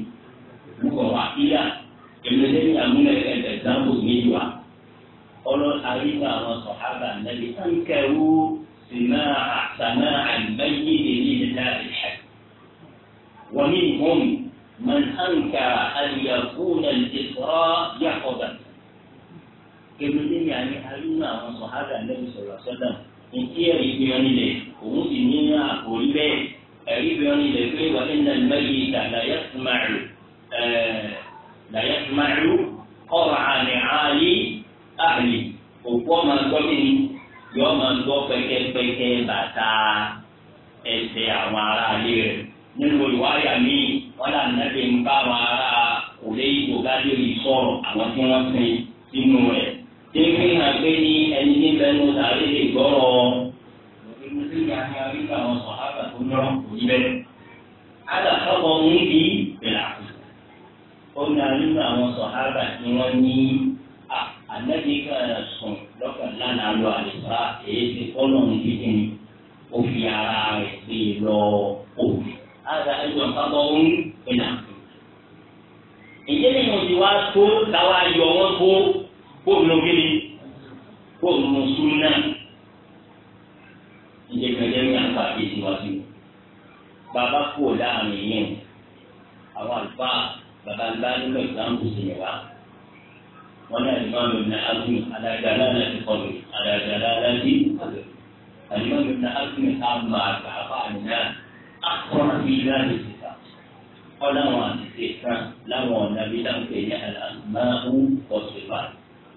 A: ń kọ̀ọ̀ àkíyà ẹnu tẹ́lẹ̀ àmúlẹ̀ ẹ̀ẹ́dẹ̀ẹ́dáwò níjọ́ قالوا الحريفة والصحابة الذي أنكروا سماع سماع البين لله الحق ومنهم من أنكر أن يكون الإسراء يحفظا ابن يعني حريفة والصحابة النبي صلى الله عليه وسلم إن هي ربيان إليه ومسلمين أقول به ربيان إليه وإن الميت لا يسمع لا يسمع قرع نعالي àlè òkú ọmọ gbọ́ kíni yọ ọmọ gbọ́ pẹ́kẹ́pẹ́kẹ́ bàtà ẹsẹ̀ àwọn ará ilé rẹ̀ nínú olùwárí àmì wọn là nàbẹ ń bá àwọn ará òlé ìbò gádìrì sọ̀rọ̀ àwọn tí wọ́n sin sínú rẹ̀ tí ń fi hàn pé ní ẹni níbẹ̀ ló sáré lè gbọ́rọ̀ ìmúlẹ̀ ní àti àríkà àwọn sọ̀hábà tó náà kò ní bẹ́ẹ̀. alàkọ́kọ́ ń bí bẹ̀rẹ̀ àkùsù ànábì kan sùn lọ́kàn lánàá lọ àlùfá èyí ti kọ́nà yìí ni ó fi ara rẹ̀ gbé e lọ òbí. àgbà ẹjọ́ kábọ̀ ń pinna. ìdílé yìí ti wá tó táwa yọ wọ́n tó kóòmù ló kéde kóòmù súnà. ìjẹ́kẹ̀jẹ́ ní àgbà bíi tiwájú. bàbá kúrò láàrin yìí àwọn àlùfáà bàbá ńlá nínú ìgbà ń bùsùn yẹn wá. ولا الإمام ابن حزم على جلالة قبره على جلالة قبره الإمام ابن حزم مع عفا الناس أكثر في ذلك ọlọ́run àtìsí kan láwọn ọ̀nà bíi dáńpé ní àlàmáhù ọ̀sùnfà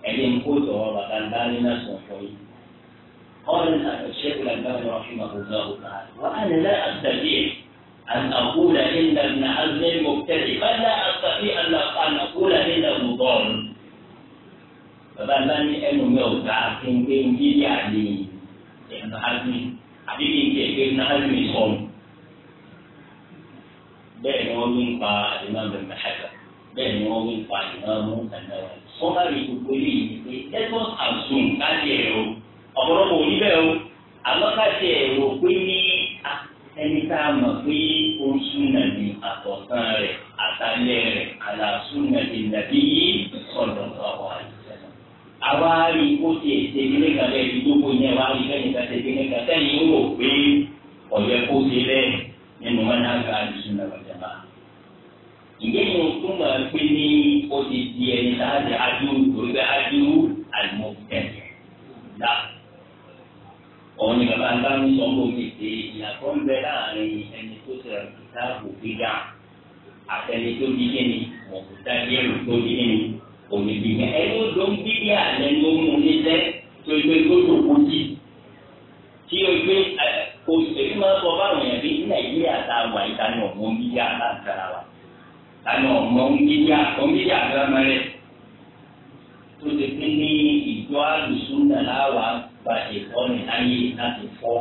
A: ẹ̀yẹ ń kó sọ̀rọ̀ bàbá قال الشيخ الألباني رحمه الله تعالى وأنا لا أستطيع أن أقول إن ابن حزم مبتدئ ẹnu mi ò gbà kí n gbé yíyí àlè ẹ̀nà àbí kí n tiẹ̀ gbé sọ̀rọ̀ bẹ́ẹ̀ ni wọ́n wí ń pa ìmọ̀ bẹ̀rẹ̀ mẹ́hẹ́fẹ́ bẹ́ẹ̀ ni wọ́n wí ń pa ìmọ̀ mú ẹ̀nà sọ́kàlì gbogbo yìí pé ẹgbọ́n àzùn káàdì ẹ̀ o ọ̀pọ̀lọpọ̀ òní bẹ́ẹ̀ o àmọ́ káàdì ẹ̀ o pé ní ẹni tá a mọ̀ pé ó ń súnà ní àtọ̀tán rẹ̀ àtàlẹ́ rẹ̀ àlàsúnà ìdàbí yìí sọ̀dọ̀ àwa rí kó ti èsè kíní kan lẹ́yìn tí gbogbo yẹn wá rí kẹ́yìn kan ṣe kíní kan sẹ́yìn ń rò pé ọ̀yẹ́ kó ti lẹ́yìn nínú mọ́nà àgbà àdìsúnà ọ̀jọ̀ba. ìgbẹ́yìn tó mọ̀ pé ní ó ti di ẹni láti adúrú torí pé adúrú àlùmọ́ tẹ̀lé dá. òun ni bàbá ń bá ń sọ bó mi ṣe ìyàtọ̀ ń bẹ láàrin ẹni tó ṣe ìtàkùn gíga àtẹni tó di kíni mọ̀kútà gẹ́rù tó di kíni òbíbi ní ẹni ló ń bí ní ló mú níṣẹ́ tó gbé gbọ́dọ̀ kó tí o gbé òṣèlú máa sọ báwọn èèyàn bí nàìjíríà tá a wà yìí tani ọ̀mọ́ ń bí yá láǹkàrà wa tani ọ̀mọ́ ń bí yá ọ̀mọ́ ń bí yá tó ti pín ní ìjọ àlùsùn náà láwà gbàdé ọ̀nì ayé láti fọ́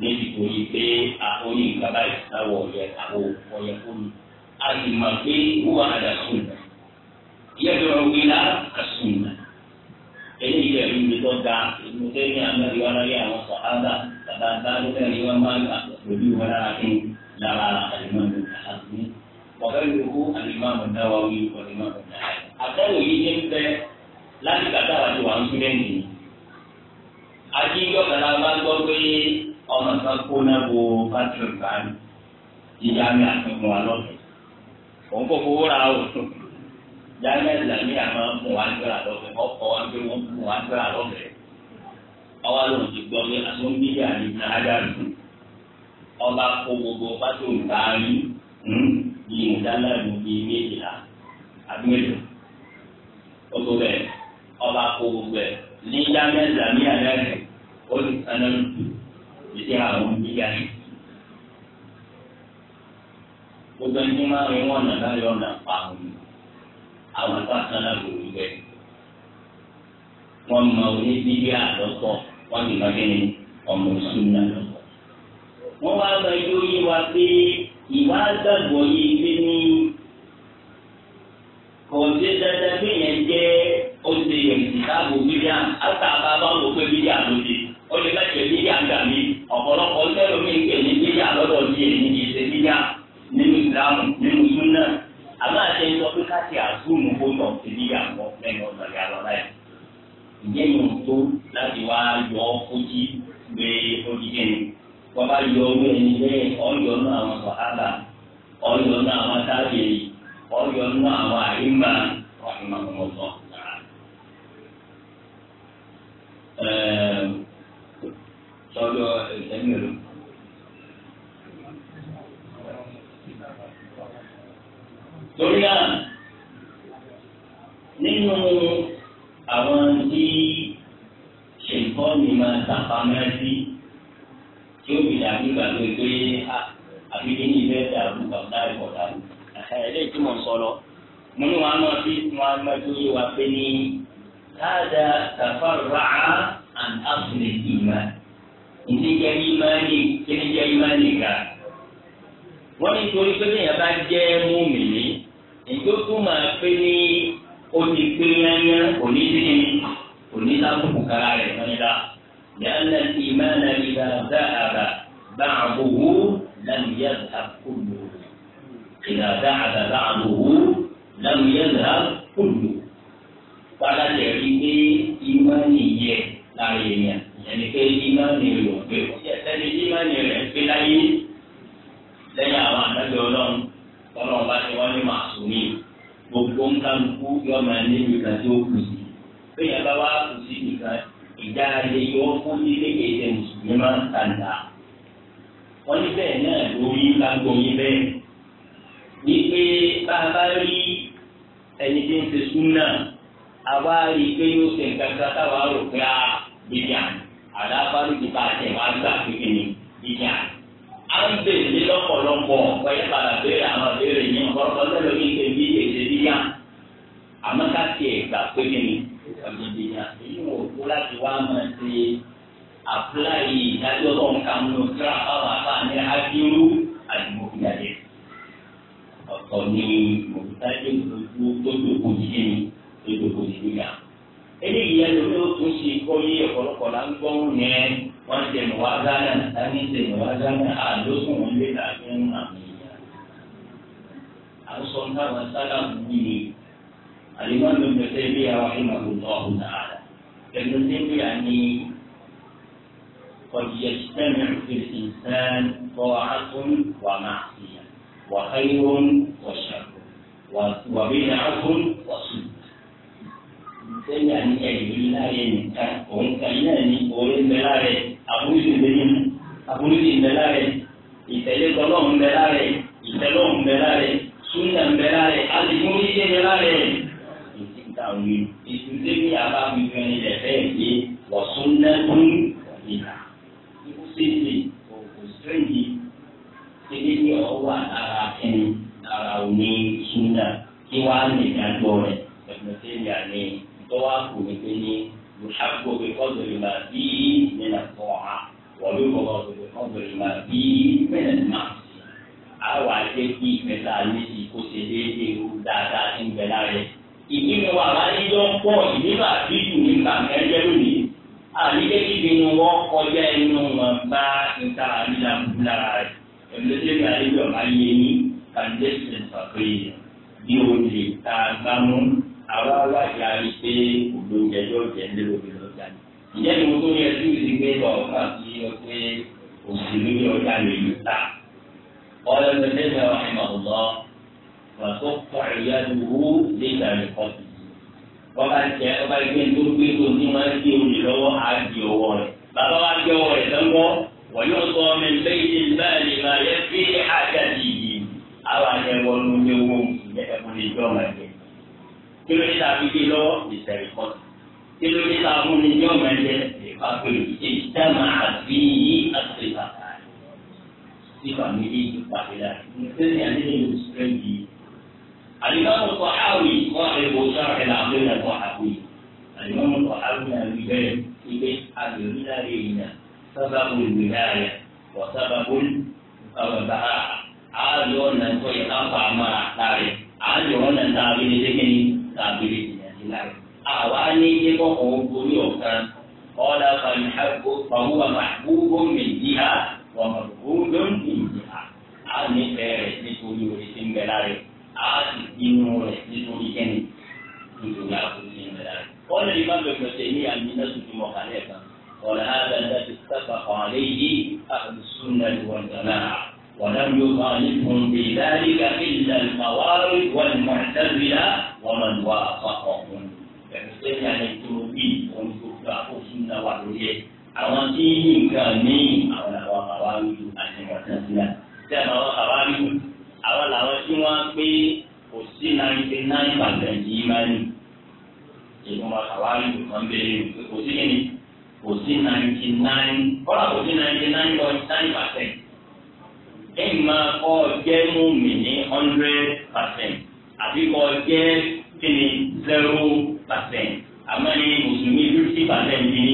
A: níbi tó yí pé àkóyè ìgbàbáyé láwọ̀ ọ̀yẹ àwọn òkòyẹ fún mi a sì mọ̀ pé wúwa àdàsùn náà. يدعو إلى السنة إليه يعين بتوقع ابن تيمية أن رواية والصحابة فبان ذلك رواية وجوه لكن لا الإمام ابن حزم وغيره الإمام النووي والإمام ابن حزم أقول يجب láti kàtà àti wà ń sílẹ̀ nìyí. Ajíjọ́ kàlá bá gbọ́ pé ọmọ kan kó náà bo Patrick Bani ìyá mi àti ọmọ wa lọ́sẹ̀. Òun kò fowó ra òun jamiu islami àmà mú wa gbé àlọ́ fẹ́ ọkọ wa gbé wọn mú wa gbé àlọ́ fẹ́ ọwọ́ ló ń ti gbọ́ pé asọ́nbíyà ni nàájàdù ọba kó gbogbo pátó ntaari hmm, ní ìdálẹ́nu ní méjìlá àbí gbogbo bẹ́ẹ̀ ọba kó gbogbo ẹ̀ ní jamiu islami àlẹ́rẹ̀ ó ti sanná lùtù títí àwọn bíyà ni gbogbo ẹni máa ń wọ̀nà láyọ̀ ọ̀nà pa àwọn àwọn apákan náà ló ń bẹ wọn mọ oníbíyí àlọpọ wọn sì máa gbẹni ọmọ ya lọpọ. wọn wá lọ ẹjọ́ yé wa pé ìwà àgbàgbọ́ yìí ní kọ̀ọ̀dé pé yẹn jẹ́ bíbí pé bíbí jẹ bíbí àgbà mi ọ̀pọ̀lọpọ̀ sẹ́lẹ̀ mi ń ní bíbí àlọ́dọ̀ bí ní bíbí nínú mọ̀ sí níyàwó lẹ́yìn ọ̀sán ìyá lọ́la yìí. ìjẹ́ yòó tó láti wá yọ ọ́ gbé ojúkẹ́ ni wọ́n yọ owó ẹni bẹ́ẹ̀ ọ̀yọ́ nù àwọn sọ̀hábà ọ̀yọ́ nù àwọn táàbì ọ̀yọ́ nù àwọn àyínbà ọ̀hìnmá ọ̀mọ̀tọ̀. sọ́dọ̀ ẹ̀ẹ́dẹ́gbẹ̀rún. lórí náà nínú àwọn tí ṣèkọ́ni máa tàpamẹ́ sí tí ó bìlà nígbà tó gbé ah, àbíkẹ́ ní ìfẹ́ dàrú bàbá ẹ̀kọ́ dàrú. ẹlẹ́yìí tí mò ń sọ lọ mo ní wọn á máa fi wọn á máa tó yé wa pé ní káàdà tàfàràá and absolute ìmọ̀ ìdíjẹ́ ìmọ̀ọ́nì kíníjẹ́ ìmọ̀ọ́nì kà wọ́n ní torí pé ní ìyàbá jẹ́ múmi ní ìdókòmọ̀ pé ní ó ti pé yányá òní dídí òní lábùkù kára rẹ̀ lọ́nìlá yálà ìmáàlà ìlà dáàbà báàbòwò lámìyá àkùlù ìlà dáàbà báàbòwò lámìyá àkùlù padà lè rí pé ìmánì yẹ lára èèyàn ìyẹn ni pé ìmánì rẹ̀ ò pé ẹni ìmánì láyé lẹ́yìn àwọn àdájọ́ ọlọ́run ọlọ́run bá ti wọ́n ní màsùmí gbogbo ńkàlùkù yọ máa ní nìkan tí ó kù sí bẹ́ẹ̀ bá wá kù sí nìkan ìjà ayé yọ kó nílé èdè mùsùlùmí máa ń tàǹdà wọ́n ní bẹ́ẹ̀ náà lórí lágbóyin bẹ́ẹ̀ ní pé bá a bá rí ẹni tí ń ṣe súnà àwa rí i pé yóò ṣe nǹkan kan táwa rò pé a bìjà àdáfárí ti bá a tẹ̀ wá gbà kékeré ni bìjà à ń bèèrè lọ́pọ̀lọpọ̀ pẹ̀lú padà bèèrè àwọn béèrè yẹn ọ̀pọ̀lọpọ̀ lọ́dọ̀ yìí ṣe bíi àmọ́ ká tiẹ̀ gbà pé kí ni ọ̀gbìnbí ni àbíyí wò kó láti wá mọ̀ sí àpúláyì ìdájọ́ tó ń ka mú tíra báwa bá ní ábírú àdìmọ̀kìyàjẹ́ ọ̀tọ̀ ni mọ̀kìyàjẹ́ lójú tó dòkó yìí ni tó dòkó yìí ni à. eléyìí ẹni tó tún ṣe kọ́ yé ọ̀pọ̀lọpọ̀ la ń gbọ́rùn yẹn wọ́n ṣe mọ̀wá gánà láti ṣe mọ̀wá gánà àlókùn wọn lé làákùn àmì ìyá. à ń sọ ní àwọn alimami ló ń bẹ sẹ́yìn bí yàrá ìmọ àgùntàn ọhún dáadáa ẹgbẹ sẹ́yìn bí yà ní ọjìyà sẹmẹ fèrèsì sẹn bọwọ àtún wà máa fìyà wà káyọrún wà ṣàkó wà bẹyà àtún wà sùn. sẹ́yìn àní ẹ̀yìn láàyè nìkan òun kan náà tàwí ìtúndé ní abáwíjọ ilẹ̀ bẹ́ẹ̀ yé wọ̀sùn lẹ́kùn ìlà ikú sísè òkú sírèjì tẹ́lẹ̀ ní ọwọ́ àtàrà ẹni ara òní súnà kí wàá lè dájọ́ rẹ̀ ẹ̀fọ́ tẹ́lẹ̀ àní ìtọ́wá kò ní pé ní lùsàkó pé kọ́dọ̀ lè máa bí nínà fún wa wọ́n ló bọ̀ kọ́dọ̀ lè máa bí mẹ́lẹ̀ máa àwọn àti ẹ̀kí ìfẹ́ tá a ní sí déédéé dáadáa ń bẹ lára ìbínú àbáyéjọ ń pọ̀ ìbínú àbíjù ní kàmẹ́jẹ́ lónìí àbíjẹ́ kí ìbínú wọn kọjá inú wọn bá níta àbílà lára rẹ̀ ẹ̀mílẹ́sẹ̀ ní àlejò àbáyé ní kàndẹ́sẹ̀ sàkéyè bí o lè ta gbámú àwa wà já rí pé olóńjẹjọ jẹ ń lérò bí ìjẹ́ ni mo tó yẹ sí ìdí pé ọ̀gá sí ọ pé òṣèlú ní ọjà lè lò ta. ọ̀rẹ́ wàtó kọ̀ọ̀yàdùwò léda rẹ̀ kọ́tù. Bọ́lá jẹ́ ọba ìgbé tó gbé tó ní máa ń gé lọ́wọ́ àgbè ọwọ́ rẹ̀. Bàbá wa gbé ọwọ́ rẹ̀ lọ́wọ́ wọ́yọ̀ sọ mi bẹ́yìn báyìí máa yẹ fi àjàdì yìí. Àwọn àjẹ wọnú ní owó mùsùlùmí ẹ̀kọ́ lè jọ ọmọ ẹ̀jẹ̀. Kílódítà fi gbé lọ́wọ́ ìsẹ̀rì kọ́tù. Kílódítà fún ni jọ ọmọ ẹ̀jẹ̀ ìfàgbèrè ìdámà àbí àtìlà. Ìfàmìlì ìpàdé láti. Ìfẹ́ الإمام الطحاوي صاحب شرح العقيدة الطحاوي الإمام الطحاوي الولاية إليه الولاية سبب الولاية وسبب البراءة ààyò ọ̀nà tó yẹ ká fà máa láre ààyò ọ̀nà tá a bìrì dégé ní tá a bìrì ìyànjú láre. àwa ní ilé kọ̀ọ̀kan orí ọ̀kan ọ̀dà fàmìhàgbó pàmùwà màgbógbó mèjìhà wàmàgbógbó mèjìhà. a ní bẹ̀rẹ̀ nítorí orí ti ń bẹ láre á sì bínú rẹ̀ nítorí kẹ́ni nítorí àbúrò ní ìrẹ̀lẹ̀ rẹ̀. wọ́n lè má bẹ̀rẹ̀ pẹ̀lú ní àmì náà tuntun mọ̀ kálẹ̀ kan wọ́n á bẹ̀rẹ̀ ti sábà kan lé yí àti súnà ìwọ̀n jọ̀nà yóò bá ní fún mi láyé káfí ìlànà àwárí wọn mọ̀ tẹ́lifíà wọ́n mọ̀ ní wà àpapọ̀ fún mi. ẹ̀rù sẹ́yìn àti ìtòrò bíi tó gbà ó súnà wà lórí àwọn tí yìí nǹkan ní àwọn àwọn àwárí àti mọ̀ tẹ́lifíà kan béèrè kò sí yìí kò sí ninety nine kọ́lá kò sí ninety nine point nine percent ẹ̀ máa kọ́ jẹ́ mú mi ní hundred percent àbí kọ́ jẹ́ kíni zero percent àmọ́ ní mùsùlùmí fifty percent ní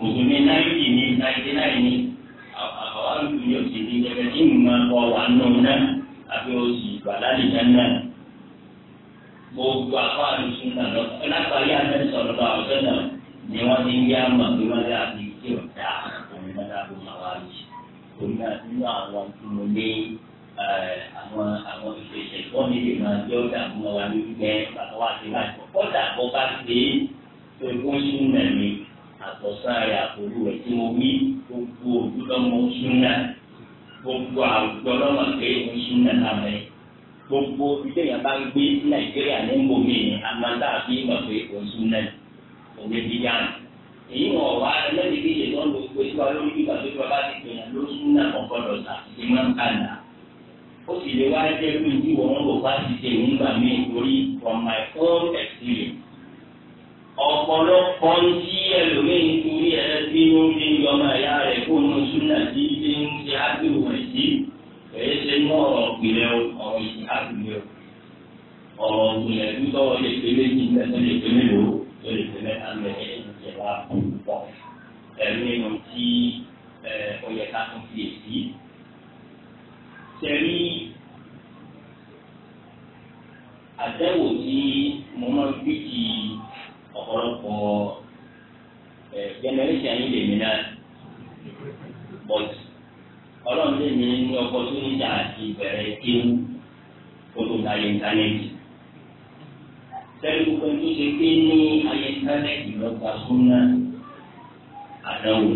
A: mùsùlùmí ninety ní ninety nine ní àwọn àlùkò yóò ti di gẹ́gẹ́ tí mo máa kọ́ wà nù náà àbí oṣù ìgbàlá nìkan náà gbogbo àwọn àlùsùn náà lọ látàrí àmì sọ̀rọ̀ lọ àwùjọ náà ni wọ́n ti ń yá mọ̀ pé wọ́n dà bí kí ò dá òun náà dábò máa wá rí òun náà nínú àwọn tí mo àwọn àwọn ìṣẹ̀ṣẹ̀ tó ní lè máa jẹ́ ọ̀dà mọ́ wa ní gbẹ́ bàbá wa ti láì pọ̀ kọ́dà bọ́ bá ṣe é tó kó àtọ̀sán rẹ̀ àpòlù rẹ̀ tí mo wí gbogbo òdúdọ́mọ sún gbogbo àwùjọ pé ó sún náà lábẹ́ gbogbo ìdẹ́yìn bá ń gbé nàìjíríà ní gbòmí ni amanda àbí màgbé oṣù náà òwe bíyà èyí wọn wá lẹ́yìn bí èyí wọn lò pé wá lórí ìgbà tó bá ti pè yàn lóṣù náà ọ̀gbọ́dọ̀ tà sí máa ń ó sì lè wá jẹ́ pé lò bá ti ṣe torí from my own experience ọ̀pọ̀lọpọ̀ ń èyí ṣe mú ọ̀rọ̀ ìpìlẹ̀ ọ̀rọ̀ ìṣàkùnrin ọ̀rọ̀ ìpìlẹ̀ tó tọ́wọ́ lè pe méjì tẹ́tọ́ lè tó lè pe mẹ́ta mẹ́rin ìjẹ̀wá púpọ̀ ẹ̀rí nínú tí ó yẹ ká tún fi èsì. Ṣẹ̀rí eh, àtẹ̀wò tí mo máa ń fi kí ọ̀pọ̀lọpọ̀ jẹnẹrẹ́sì ayé lèmi ọlọ́run lè ní ní ọkọ tó ní dà àti bẹ̀rẹ̀ kéwú kó tó da íńtánẹ́ẹ̀tì. sẹ́yìn gbogbo ṣe pé ní ayé íńtánẹ́ẹ̀tì lọ́gbà súnmọ́ àdánwò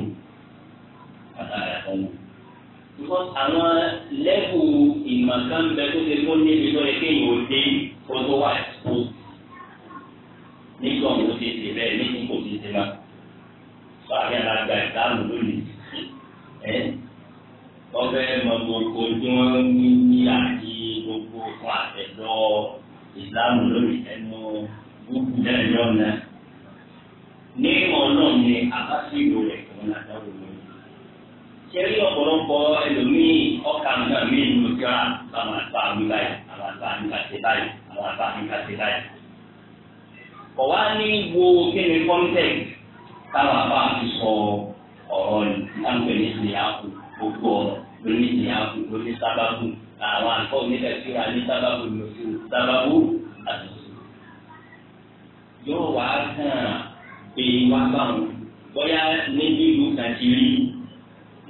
A: pàtàkì àdánwò. because àwọn lẹ́bù ìmọ̀kánbẹ tó ṣe kó níbi lọ́yẹ kéèyàn ò dé kó tó wà ẹ̀kọ́ nígbà wo ti ṣe bẹ́ẹ̀ nígbà wo ti ṣe bá. ní wo kíni kọ́ńtẹ̀tì táwọn àbá ti sọ ọ̀rọ̀ ìtàǹpẹ̀ ní gbogbo ọ̀rọ̀ ní lórí sábàbù àwọn àlùfọ́ onílẹ̀ tí ní sábàbù lòsì sábàbù àti yóò wá kàn pé wá báwọn bóyá níbi ìlú kan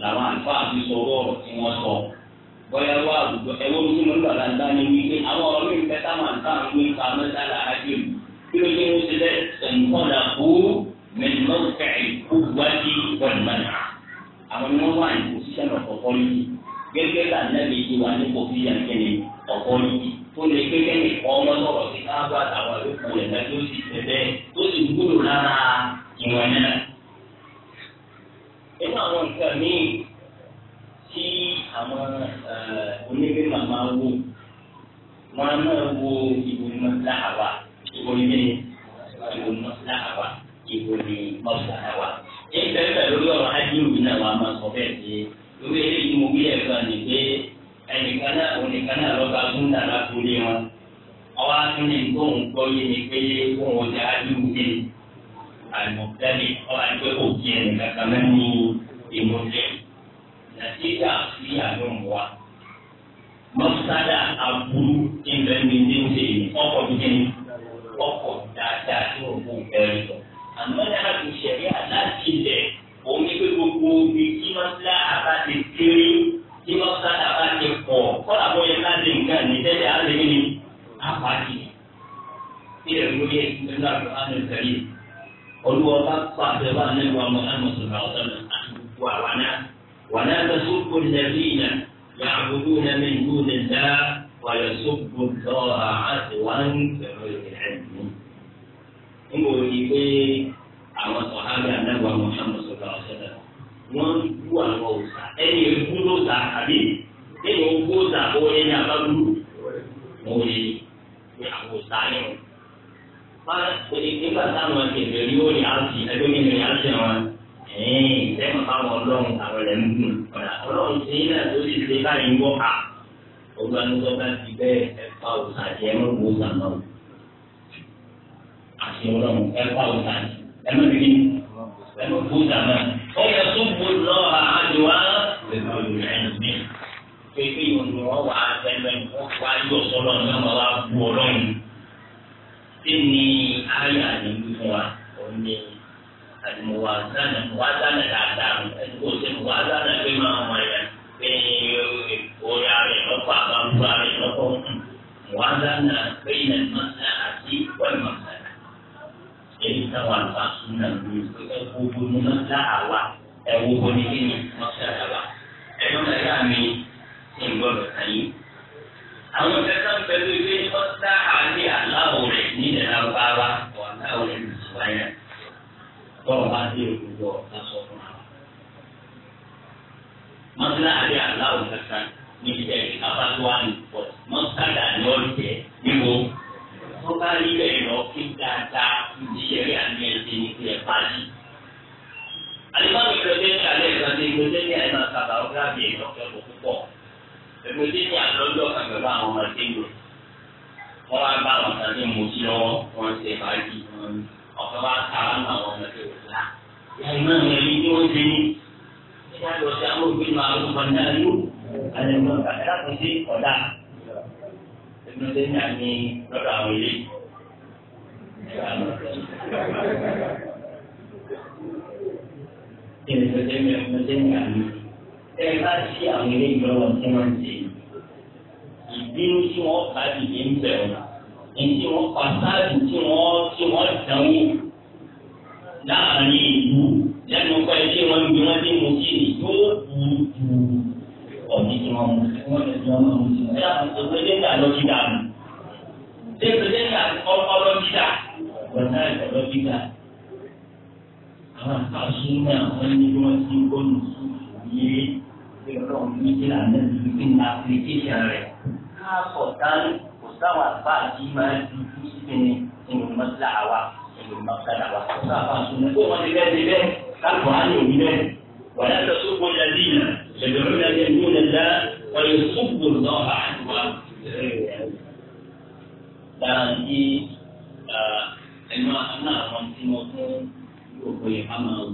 A: làwọn àlùfáà fi sọ ọ̀rọ̀ tí wọ́n sọ bóyá wá àwùjọ ẹ̀wọ́n tí mo ń bàlá ní wípé àwọn ọ̀rọ̀ mi ń bẹ́ táwọn àǹtá ń gbé pamọ́ sára ájú kí ló dé ó انطلقوا من موقع القوة والمنع àwọn ni wọ́n wà ní position of authority gẹ́gẹ́ bá nẹ́ẹ̀mí ti wà ní position kẹ́ni authority tó lè gbé kẹ́ni ọmọ sọ̀rọ̀ sí káwá àtàwọn àlòkù rẹ̀ náà tó sì tẹ̀lé tó sì gbúdò lára ìwọ̀n náà. nínú àwọn nǹkan míì tí àwọn onígbé màmá wò wọ́n máa wo ìwòye subhanahu wa ta'ala. èyí bẹ́ẹ̀ bẹ́ẹ̀ lórí ọ̀rọ̀ na ma náà wàá máa sọ bẹ́ẹ̀ pé lórí eléyìí mo bí ẹ̀kan ni pé ẹnìkan náà ònìkan náà lọ́ba wọn. ọwọ́ ni ọba fi aburú ní dáadáa tó àmọ́ ilẹ̀ òun ní pé gbogbo omi tí wọ́n sá àbá ti kéré tí wọ́n sá àbá ti pọ̀ kọ́lá bọ́ yẹn láti nǹkan ní tẹ́lẹ̀ á lè ní apàdé ilẹ̀ lórí ẹgbẹ́ náà ló á lè tẹ̀lé olúwa bá pàṣẹ bá ní wa mọ ẹnu sọ̀rọ̀ ọ̀sán àti gbogbo àwa náà wà yàgòdò náà mi ń dúró nígbà àti wà ń tẹ̀lé àwọn sọ̀hálẹ̀ anáwó àwọn sọ̀rọ̀ sọ̀rọ̀ wọ́n ń kú àwọn òòsà ẹni ìkú ló sà àbí ẹni òkú sà orin ní abábúrú wọn ò lè àwọn òòsà yẹn. wọ́n nígbà táwọn ẹgbẹ̀rún ní orin àti ẹgbẹ̀rún ní àti wọn ẹ̀ẹ́n ìtẹ́wọ̀n báwọn ọlọ́run àwọn ẹ̀rẹ́ ń gùn ọ̀dà ọlọ́run ti ní àti ó sì ṣe báyìí ń wọ́ ká olùwàlúwọ́ ti bẹ́ẹ̀ ẹ̀fà òòsà jẹ́ ẹ̀mú òòsà náà àti ẹnu bìbí ẹnu bú yẹ tó bú lọ àjò wa ẹnubí pépé ìwọ̀n wọn wà á tẹ̀lé wọn wá yọ sọ́lọ́ ní wọn wá bú ọlọ́run tí ni ayé àní fún wa òun ni àdìmọ̀wá dáná wá dáná dáadáa ẹni kò sí dáná pé máa wọn yẹn pé orí ara ẹ̀ lọ́kọ̀ àbáwọ̀ ara ẹ̀ dáná pé ìnànà àti wọ́n èyí táwọn àlùfáà sùn náà ló ń pè é gbogbo ní wọn láàwá ẹ gbogbo ní kí ni wọn ṣe àdàbà ẹnu ẹ̀yà mi ní ìgbọ́dọ̀ sáyé. àwọn ìfẹ́sẹ̀ ń pẹ̀lú ilé ọ̀tá àlẹ́ aláwọ̀ rẹ̀ nílẹ̀ lábára ọ̀ aláwọ̀ rẹ̀ ló ti wáyà bọ́ọ̀ bá dé òkúgbọ ọ̀tá sọ fún wa.
B: mọ́tàlá àlẹ́
A: aláwọ̀ kankan níbi tẹ̀lé abájọ́ wa ní pọ̀ mọ́tàlá tó bá rí bẹ́ẹ̀ lọ kí dáadáa ìṣẹ̀rí àmì ẹ̀sìn ní ìpínlẹ̀ pàṣẹ. àlùfáàmì ìrọ̀lẹ́ ní alẹ́ ìrọ̀lẹ́ ìrọ̀lẹ́ ní àìmọ̀ sábà ọ̀gáàbì ìrọ̀kẹ́kọ̀ọ́ púpọ̀. ìrọ̀lẹ́ ní àlọ́jọ́ kan àwọn ọmọ ẹgbẹ́ wọ́n wá bá àwọn ọ̀sán ní mo sí lọ́wọ́ wọ́n ṣe fàájì ọ̀kan wá ta wá náà wọ́n ṣe wòlá. àìmọ̀ ìrọ̀lẹ́ ní wọ́n ṣe ní ìdá inú ilé ní àní lọ́dọ̀ àwọn ilé. Ìrìnàjò mi ìrìnàjò mi àní. Ẹ bá sí àwọn ilé ìgbọ́wọ́ tí wọ́n ń Ìbínú tí wọ́n bá dìde ń bẹ̀rù. Èyí wọ́n pàṣáàdì tí wọ́n tí wọ́n dánwò láàárín ìlú lẹ́nu pẹ́ tí wọ́n gbé wọ́n dé mú kí ni wù ú ọ̀dí tí wọ́n mú sí wọ́n lè jọ ọmọ mú sí wọn. ẹ̀yà kò pé dẹ́gbà lọ́jìdá mi. ṣé pé ọ̀nà ìdọ̀lọ́jìdá. àwọn àkàṣe ní àwọn ẹni tí wọ́n ti gbónú sí yé ẹ̀rọ méjìlá náà ti fi ní apilikéṣàn rẹ̀. káàpọ̀ dání kò sáwọn àgbà àti máa ju fún sípinni nínú mọ́tìlá àwa nínú mọ́tìlá àwa. kó sáà fà يدعون من دون الله ويصب الله عنه lára ní ẹnu àná àwọn tí mo fún gbogbo yẹn ká máa wò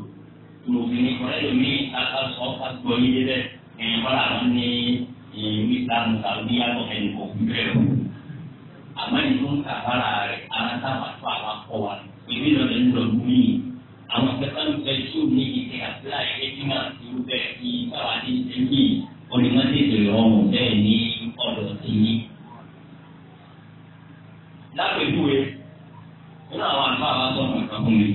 A: mo fi ní kọ́ ẹ̀rọ mi akásọ̀ àgbọ̀ yíyé bẹ́ẹ̀ ẹ̀yìn kọ́lá àwọn ní ìwé ìsàmù tàbí yàtọ̀ ẹni kò fi bẹ́ẹ̀ o
B: àmọ́ ìlú ń kàfàrà rẹ̀ aláǹtàmà
A: tó àwọn akọ wa ìwé ìlọ́lẹ̀ ń lọ lóyìn àwọn akẹ́kọ̀ọ́ bẹ tí ò ní ìdí àbúrà ẹ̀ẹ́dínmá ìlú bẹ́ẹ̀ ní báwa ní ẹ̀mí onímọ̀tẹ́tẹ̀ ọ̀hún bẹ́ẹ̀ ní ọ̀dọ̀ sí ní. lápẹ̀júwe nínú àwọn àlùfáà bá sọ̀rọ̀ nǹkan fún mi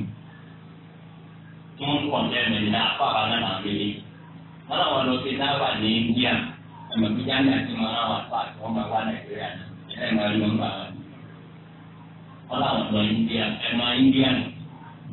A: tí wọ́n ń pọ̀ lẹ́mẹ̀ ní àfáà náà náà lé wọn làwọn lọ sí dáwà ní India ẹ̀mọ̀ tó ní àti wọn àwọn àlùfáà tí wọ́n máa wá Nàìjíríà náà ẹ̀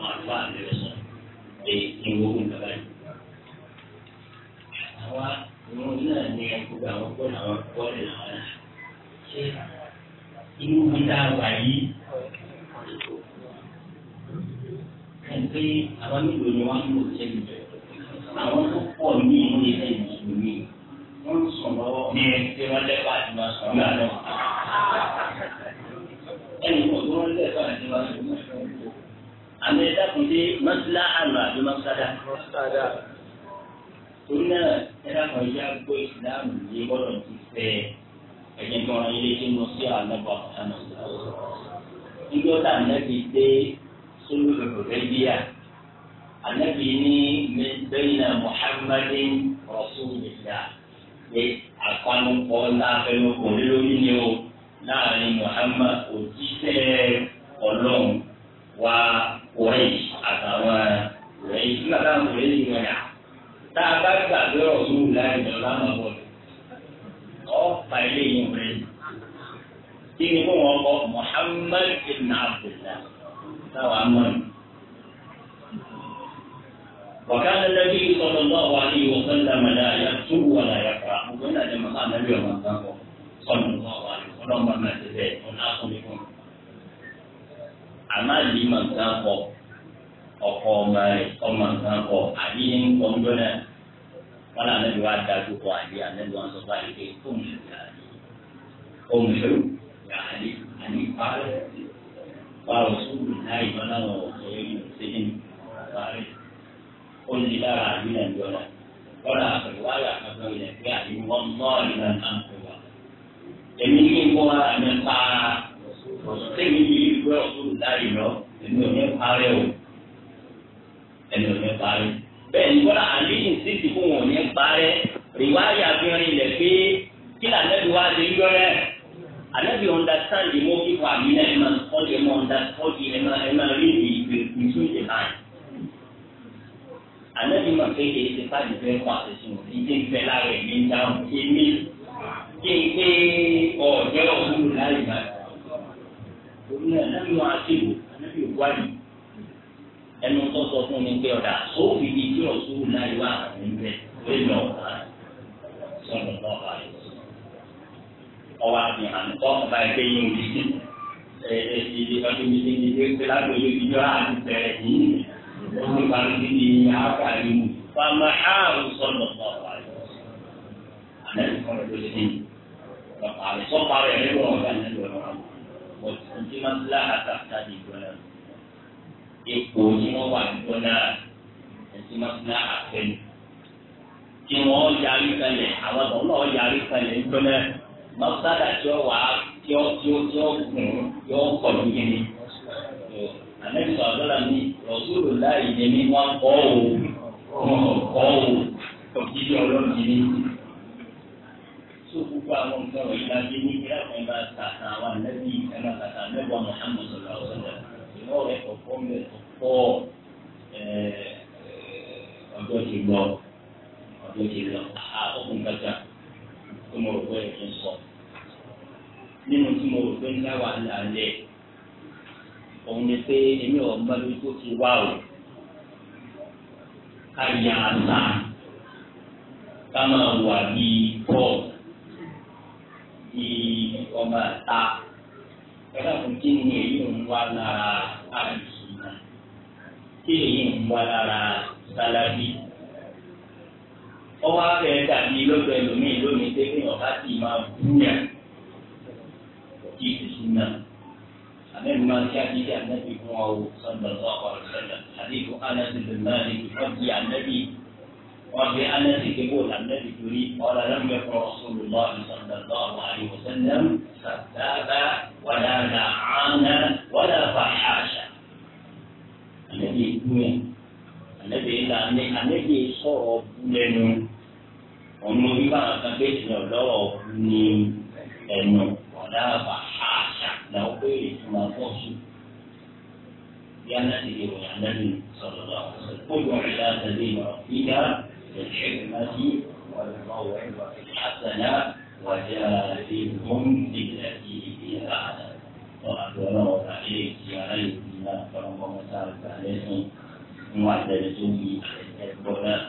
A: àwọn àlùfáà àbẹ̀rẹ̀ sọ pé ìwọ òun àwa òun náà ní gbogbo àwọn bọ́ọ̀lù àwọn bọ́ọ̀lù làwọn náà ṣe inú mi dá wà yìí.
B: pé àwọn mélòó ni wọ́n ń lò sẹ́yìn
A: àwọn tó pọ̀ ní ìlú ilé ìmùsùlùmí wọ́n ń sùn lọ́wọ́ ní ẹgbẹ́ wọn lẹ́fà àti máa sùn lọ́wọ́. ẹnì àmì ẹ̀dá kò dé mọ́sílá àlọ́ àbí mọ́sádà. mọ́sádà. torí náà ẹ̀dá kan yá gbọ́ ìsìláàmù yìí bọ́lọ̀ ti fẹ́ ẹ̀jẹ̀ kan ilé tí mo sí àlọ́bà àná. ìjọ tá ànábì dé sólù rẹ̀bíà ànábì ní bẹ́yìnà muhammadin rasulillah pé àpanupọ̀ láfẹnukùn lórí ni o láàrin muhammad òjíṣẹ́ ọlọ́run wá kùrẹ́yì àtàwọn kùrẹ́yì nígbà táwọn kùrẹ́yì wọn yà tá a bá gbàgbé ọ̀dún láì lọ láwọn bọ̀dù ọ̀pá ilé yìí rẹ̀ kí ni kó wọn kọ Muhammad ibn Abdullah táwọn amọ̀nù. وكان النبي صلى الله عليه وسلم لا يكتب ولا يقرأ وكان لما كان النبي صلى الله عليه وسلم ما تزيد وناس àmọ́ àlìmọ nǹkan kọ ọkọ ọmọ rẹ ọmọ nǹkan kọ àbí ní nǹkan gbọnà wọn là nẹbi wá dájú kọ àbí ànẹbi wọn sọ báyìí pé kó mi lè àlè kó mi lè àlè àlè parẹ parọ sùúrù láì wọn làwọn ọsọ yẹn ló ṣe ní parẹ ní lára àbí nàìjíríà kọ́lá àpèwá yà kàtó yẹ pé àbí wọn mọ́ ìlànà àpèwá
B: èmi ní kó wá àmì pa kéyìí bí
A: ìgbẹ́ òkúrú dárì lọ sí ti fún wọn ní parẹ́ rìwáyà fi rin ilẹ̀ pé kí lànàbí wá ṣe ń yọrẹ́ ànàbí understand mo kíkọ àmì náà ẹ máa kọ́jú ẹ máa understand ẹ máa ẹ máa rí ìwé ìwé ìtú ìdè báyìí ànàbí máa fẹ́ kí ẹsẹ̀ fáàdì fẹ́ kọ́ àtẹ̀sùn ìdè ìfẹ́ lára ẹ̀mí ń dáhùn èmi kí n pé ọ̀jẹ́ òkúrú láì bàtà torí ẹ̀ lẹ́nu àṣìwò ànábì wáyé ẹnu tó fún mi pé ọ̀dà sóòfì ni kí ọ̀ṣun láyé wà níbẹ̀ lórí mi ọ̀gá sọ̀rọ̀ náà báyìí ọwọ́ àfihàn kọ́ ọba ẹgbẹ́ yín òbí sí ẹ̀ẹ́dì ọdún mi ní ilé pé lágbo yóò fi àti bẹ̀rẹ̀ yìí ó ní parí sí ní àkàrí mu fama àrùn sọ̀rọ̀ náà báyìí ànábì kọ́ ọ̀dọ́ sí ní ọ̀pá àrùn sọ́pàá rẹ̀ lẹ́wọ̀n ọ̀tún tí máa ń ipò tí wọ́n wà ìgbọ́nà ẹ̀sìn máa ń tí wọ́n yarí kalẹ̀ àwọn tó náà yarí kalẹ̀ ìgbọ́nà mọ́tàdà tí ó wà tí ó tí ó tí ó gùn tí ó kọ̀ ní kíni. àlẹ́sọ̀ àdọ́là mi rọ̀súlù láì ní wọ́n kọ́ ò kọ́ ò òjijì ọlọ́run yìí tó àwọn nǹkan wọ̀nyí la dé ní ìlà kan bá tàtà wa nẹ́bí ẹ̀ma tàtà nẹ́bí wa sọ̀rọ̀ àwọn ọ̀sẹ̀ rẹ̀ kọ̀kọ́ mẹ́ kọ̀kọ́ ọjọ́ ti lọ ọjọ́ ti lọ àkókò nǹkan tó mo rò pé ẹ̀kí sọ nínú tí mo rò pé ńlá wà lálẹ́ òun ni pé èmi ò mọ ibi tó ti wá o ká yà sá ká máa wà bíi kọ́ọ̀ di ọmọ ẹ̀ta ẹ̀ka kò kí ni èyí ń wá lára àìsùnà kí èyí ń wá lára sálábí. ọwọ́ abẹ́ dàbí lọ́dọ̀ ẹlòmíì lónìí pé kí ọ̀gá sì máa búyà kí ìsúná. Àbẹ́ni máa ń kí àdídí ànábì fún ọ sọ́dọ̀ ọkọ̀ ọ̀sẹ̀dọ̀ àdínkù Ánásì Bẹ̀mẹ́rin kí wọ́n di ànábì. وفي أنس يقول عن النبي تريد قال لم يكن رسول الله صلى الله عليه وسلم سبابا ولا لعانا ولا فحاشا النبي يقول النبي إلا النبي صار بلنا ọmọ bíbá kan bẹ́ẹ̀ ní ọ̀dọ́wọ̀ ní ẹ̀nu ọ̀dà bàṣà làwọn béèrè fún wa fọ́ sùn. bí a náà ti lè wọ̀nyí àná ni sọ̀rọ̀ lọ́wọ́ sọ̀rọ̀ kó lọ́ọ́ rí láti lè lọ́ọ́ fi dá. بالحكمة والموعظة الحسنة وجادلهم بالتي هي أحسن وأدوله عليه سيارين فيما فرم ومسار عليهم معدل سوء البناء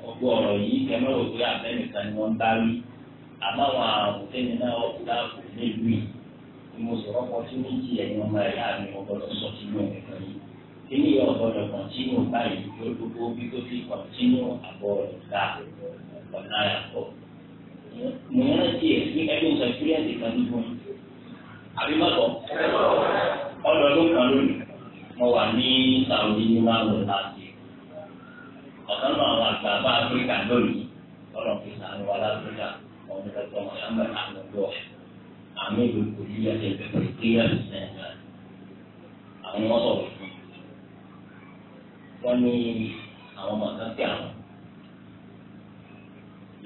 A: gbogbo ọ̀rọ̀ yìí kẹmẹ rò pé abẹnìkan ni wọn bá rí àmọ́ àwọn àrùn tẹni náà ọkùnrin láàbò nílùú yìí ni mo sọ ọkọ tí ó ń jìyà ní ọmọ ẹ̀yà mi ọgbọdọ sọ sínú ẹ̀ka yìí èyí ọ̀gbọ́dọ̀ kọ̀ntínú báyìí kí ó bí tó fi kọ̀ntínú àbọ̀ rẹ̀ ọ̀nà àyàpọ̀. mo yẹn rántí ẹ̀ ní ẹgbẹ́ ìsọ ìpínlẹ̀sì kan ní fún mi. àbímọ̀tọ̀ ọlọ́dún kan lónìí mo wà ní Saudi ní márùn láti. ọ̀sán náà àwọn àgbà bá Áfíríkà lónìí lọ́nà fi sàánú wa láfíríkà ọ̀hún ní dr Mohammed ahmedu àmì wọ́n ní àwọn ọmọ kan tẹ àwọn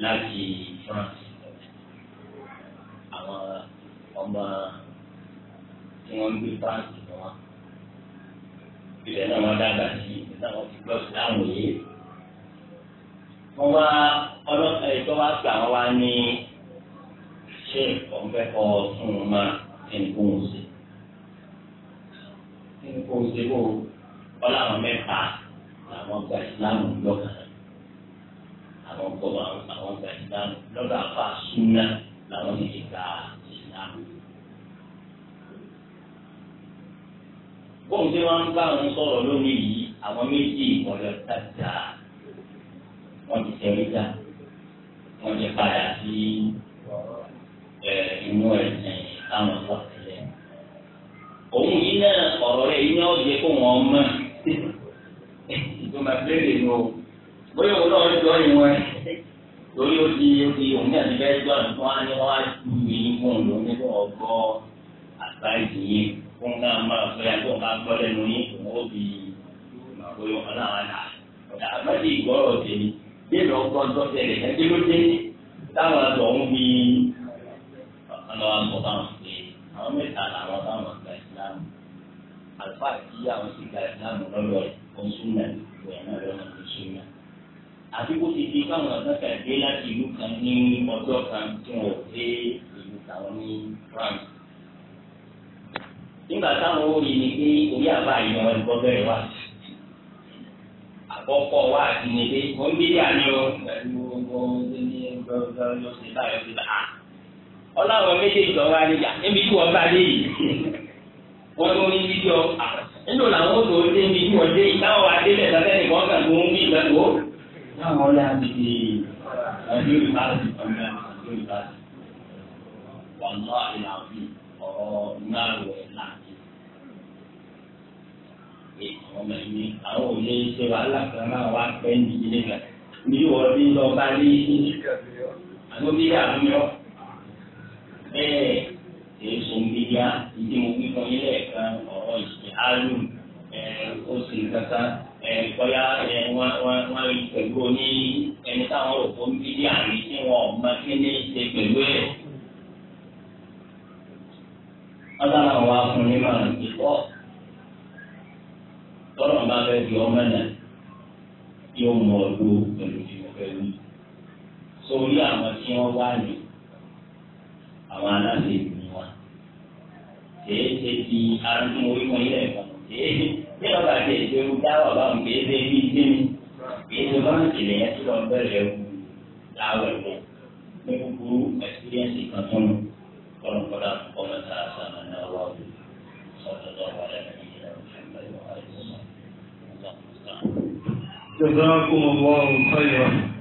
A: láti France àwọn ọmọ tí wọ́n ń gbé France ni wọ́n ilẹ̀ náà wọ́n dàgbà sí ilẹ̀ náà wọ́n ti gbọ́ ìdáhùn yìí wọ́n wá ọlọ́pàá ẹ̀ wá gbà wọ́n wá ní ṣé ìkọ̀ọ́ fẹ́ kọ́ fún un máa ẹnì kó ń ṣe ẹnì kó ń ṣe kó ọlọ́run mẹ́ta àwọn gba ìsìláàmù lọ́kàn àwọn gbọ́ àwọn gba ìsìláàmù lọ́dọ̀ àfa súnà làwọn ti gba ìsìláàmù. bóun ṣe wá ń bá àwọn sọ̀rọ̀ lónìí yìí àwọn méjì ìmọ̀lẹ́ dáadáa wọ́n ti tẹ̀lé dá wọ́n ti padà sí inú ẹ̀sìn táwọn sọ̀rọ̀ lẹ́yìn. òun yìí náà ọ̀rọ̀ rẹ̀ yìí náà jẹ́ kó wọ́n mọ̀ tó máa bẹ́ẹ̀ lè lọ bóyá òun náà jọ ìwọ̀n ẹ̀ lórí ó di ó di òun náà ti bẹ́ẹ̀ jọ àná wọn á ní wọn á ju ìyín fún òun lóun nígbà ọgọ́ àgbá ìdíyìn fún náà máa fẹ́ àti òun bá gbọ́ lẹ́nu yín òun ó di ìmọ̀gbóyò kan náà wà ọ̀dà àbájá ìgbọ́rọ̀ tèmi bí èmi ọgbọ́ ń tọ́sẹ̀ ẹgbẹ́ ló dé táwọn àgbọ̀ ń bí ọ̀kanlọ́ àgbọ̀ báwọn pé àwọn mẹ́ta làwọn báwọn gba ìsìlámù àlùfáà tí àwọn ti gba ìsìlámù lọ́dọ̀ ọ̀sùn náà lọ́nà tó ṣe náà. àti bó ti di káwọn ọ̀dọ́kà dé láti ìlú kan ní ọjọ́ kan tí wọn dé ìlú táwọn ní France. nígbà táwọn ó rí ni pé orí àbá yìí wọn gbọ́ bẹ́ẹ̀ àkọ́kọ́ pé wọ́n ń àná pẹ̀lú tó ní ṣe báyọ̀ sí nílò làwọn oṣù oṣù níbi tí wọ́n dé ìtawọ́ adélẹ̀ sábẹ́ nìkan kan tó ń bí ìgbàgbó. Táwọn ọlá ti di ọdún ìbáàdì ọ̀nà ọdún ìbáàdì. Wàlá ìlàbí ọ̀rọ̀ náà rẹ̀ láti. àwọn ọmọ ẹ̀mí àwọn ò lè ṣe wàhálà kan náà wá pẹ́ ní ilé rẹ̀. wọ́n bí lọ bá lé àwọn bí àbúyọ. Bẹ́ẹ̀ èso ń bí yá ìdí mo wí fún ilé ẹ̀ka ọ̀ alu osi kankan kọ́yá wọ́n rí pẹ̀lú oní ẹni táwọn rò fún bíbí àrí tí wọ́n mọ kí ní ṣe pẹ̀lú ẹ̀. wọ́n dára àwọn afúnni máa àwọn tí wá ní àwọn aláṣẹ. kìí ṣe ti arúgbó orí kan ilẹ̀ kan kìí ṣe bí àti ètò dáwọ̀ báwọn kìí ṣe bí ilé mi kìí ṣe báwọn ìṣẹ̀lẹ̀ yẹn tó lọ bẹ̀rẹ̀ ewu láwọ̀ ẹ̀kọ́ ní kúkúrú ẹ̀sìpírẹ́ǹsì kan tó ń kọ́nùkọ́dà ọmọ tá a sàmà náà wà ó sọ̀tọ̀ tó wà lẹ́nu ìlà òṣèlú ẹ̀wọ̀n àìsàn.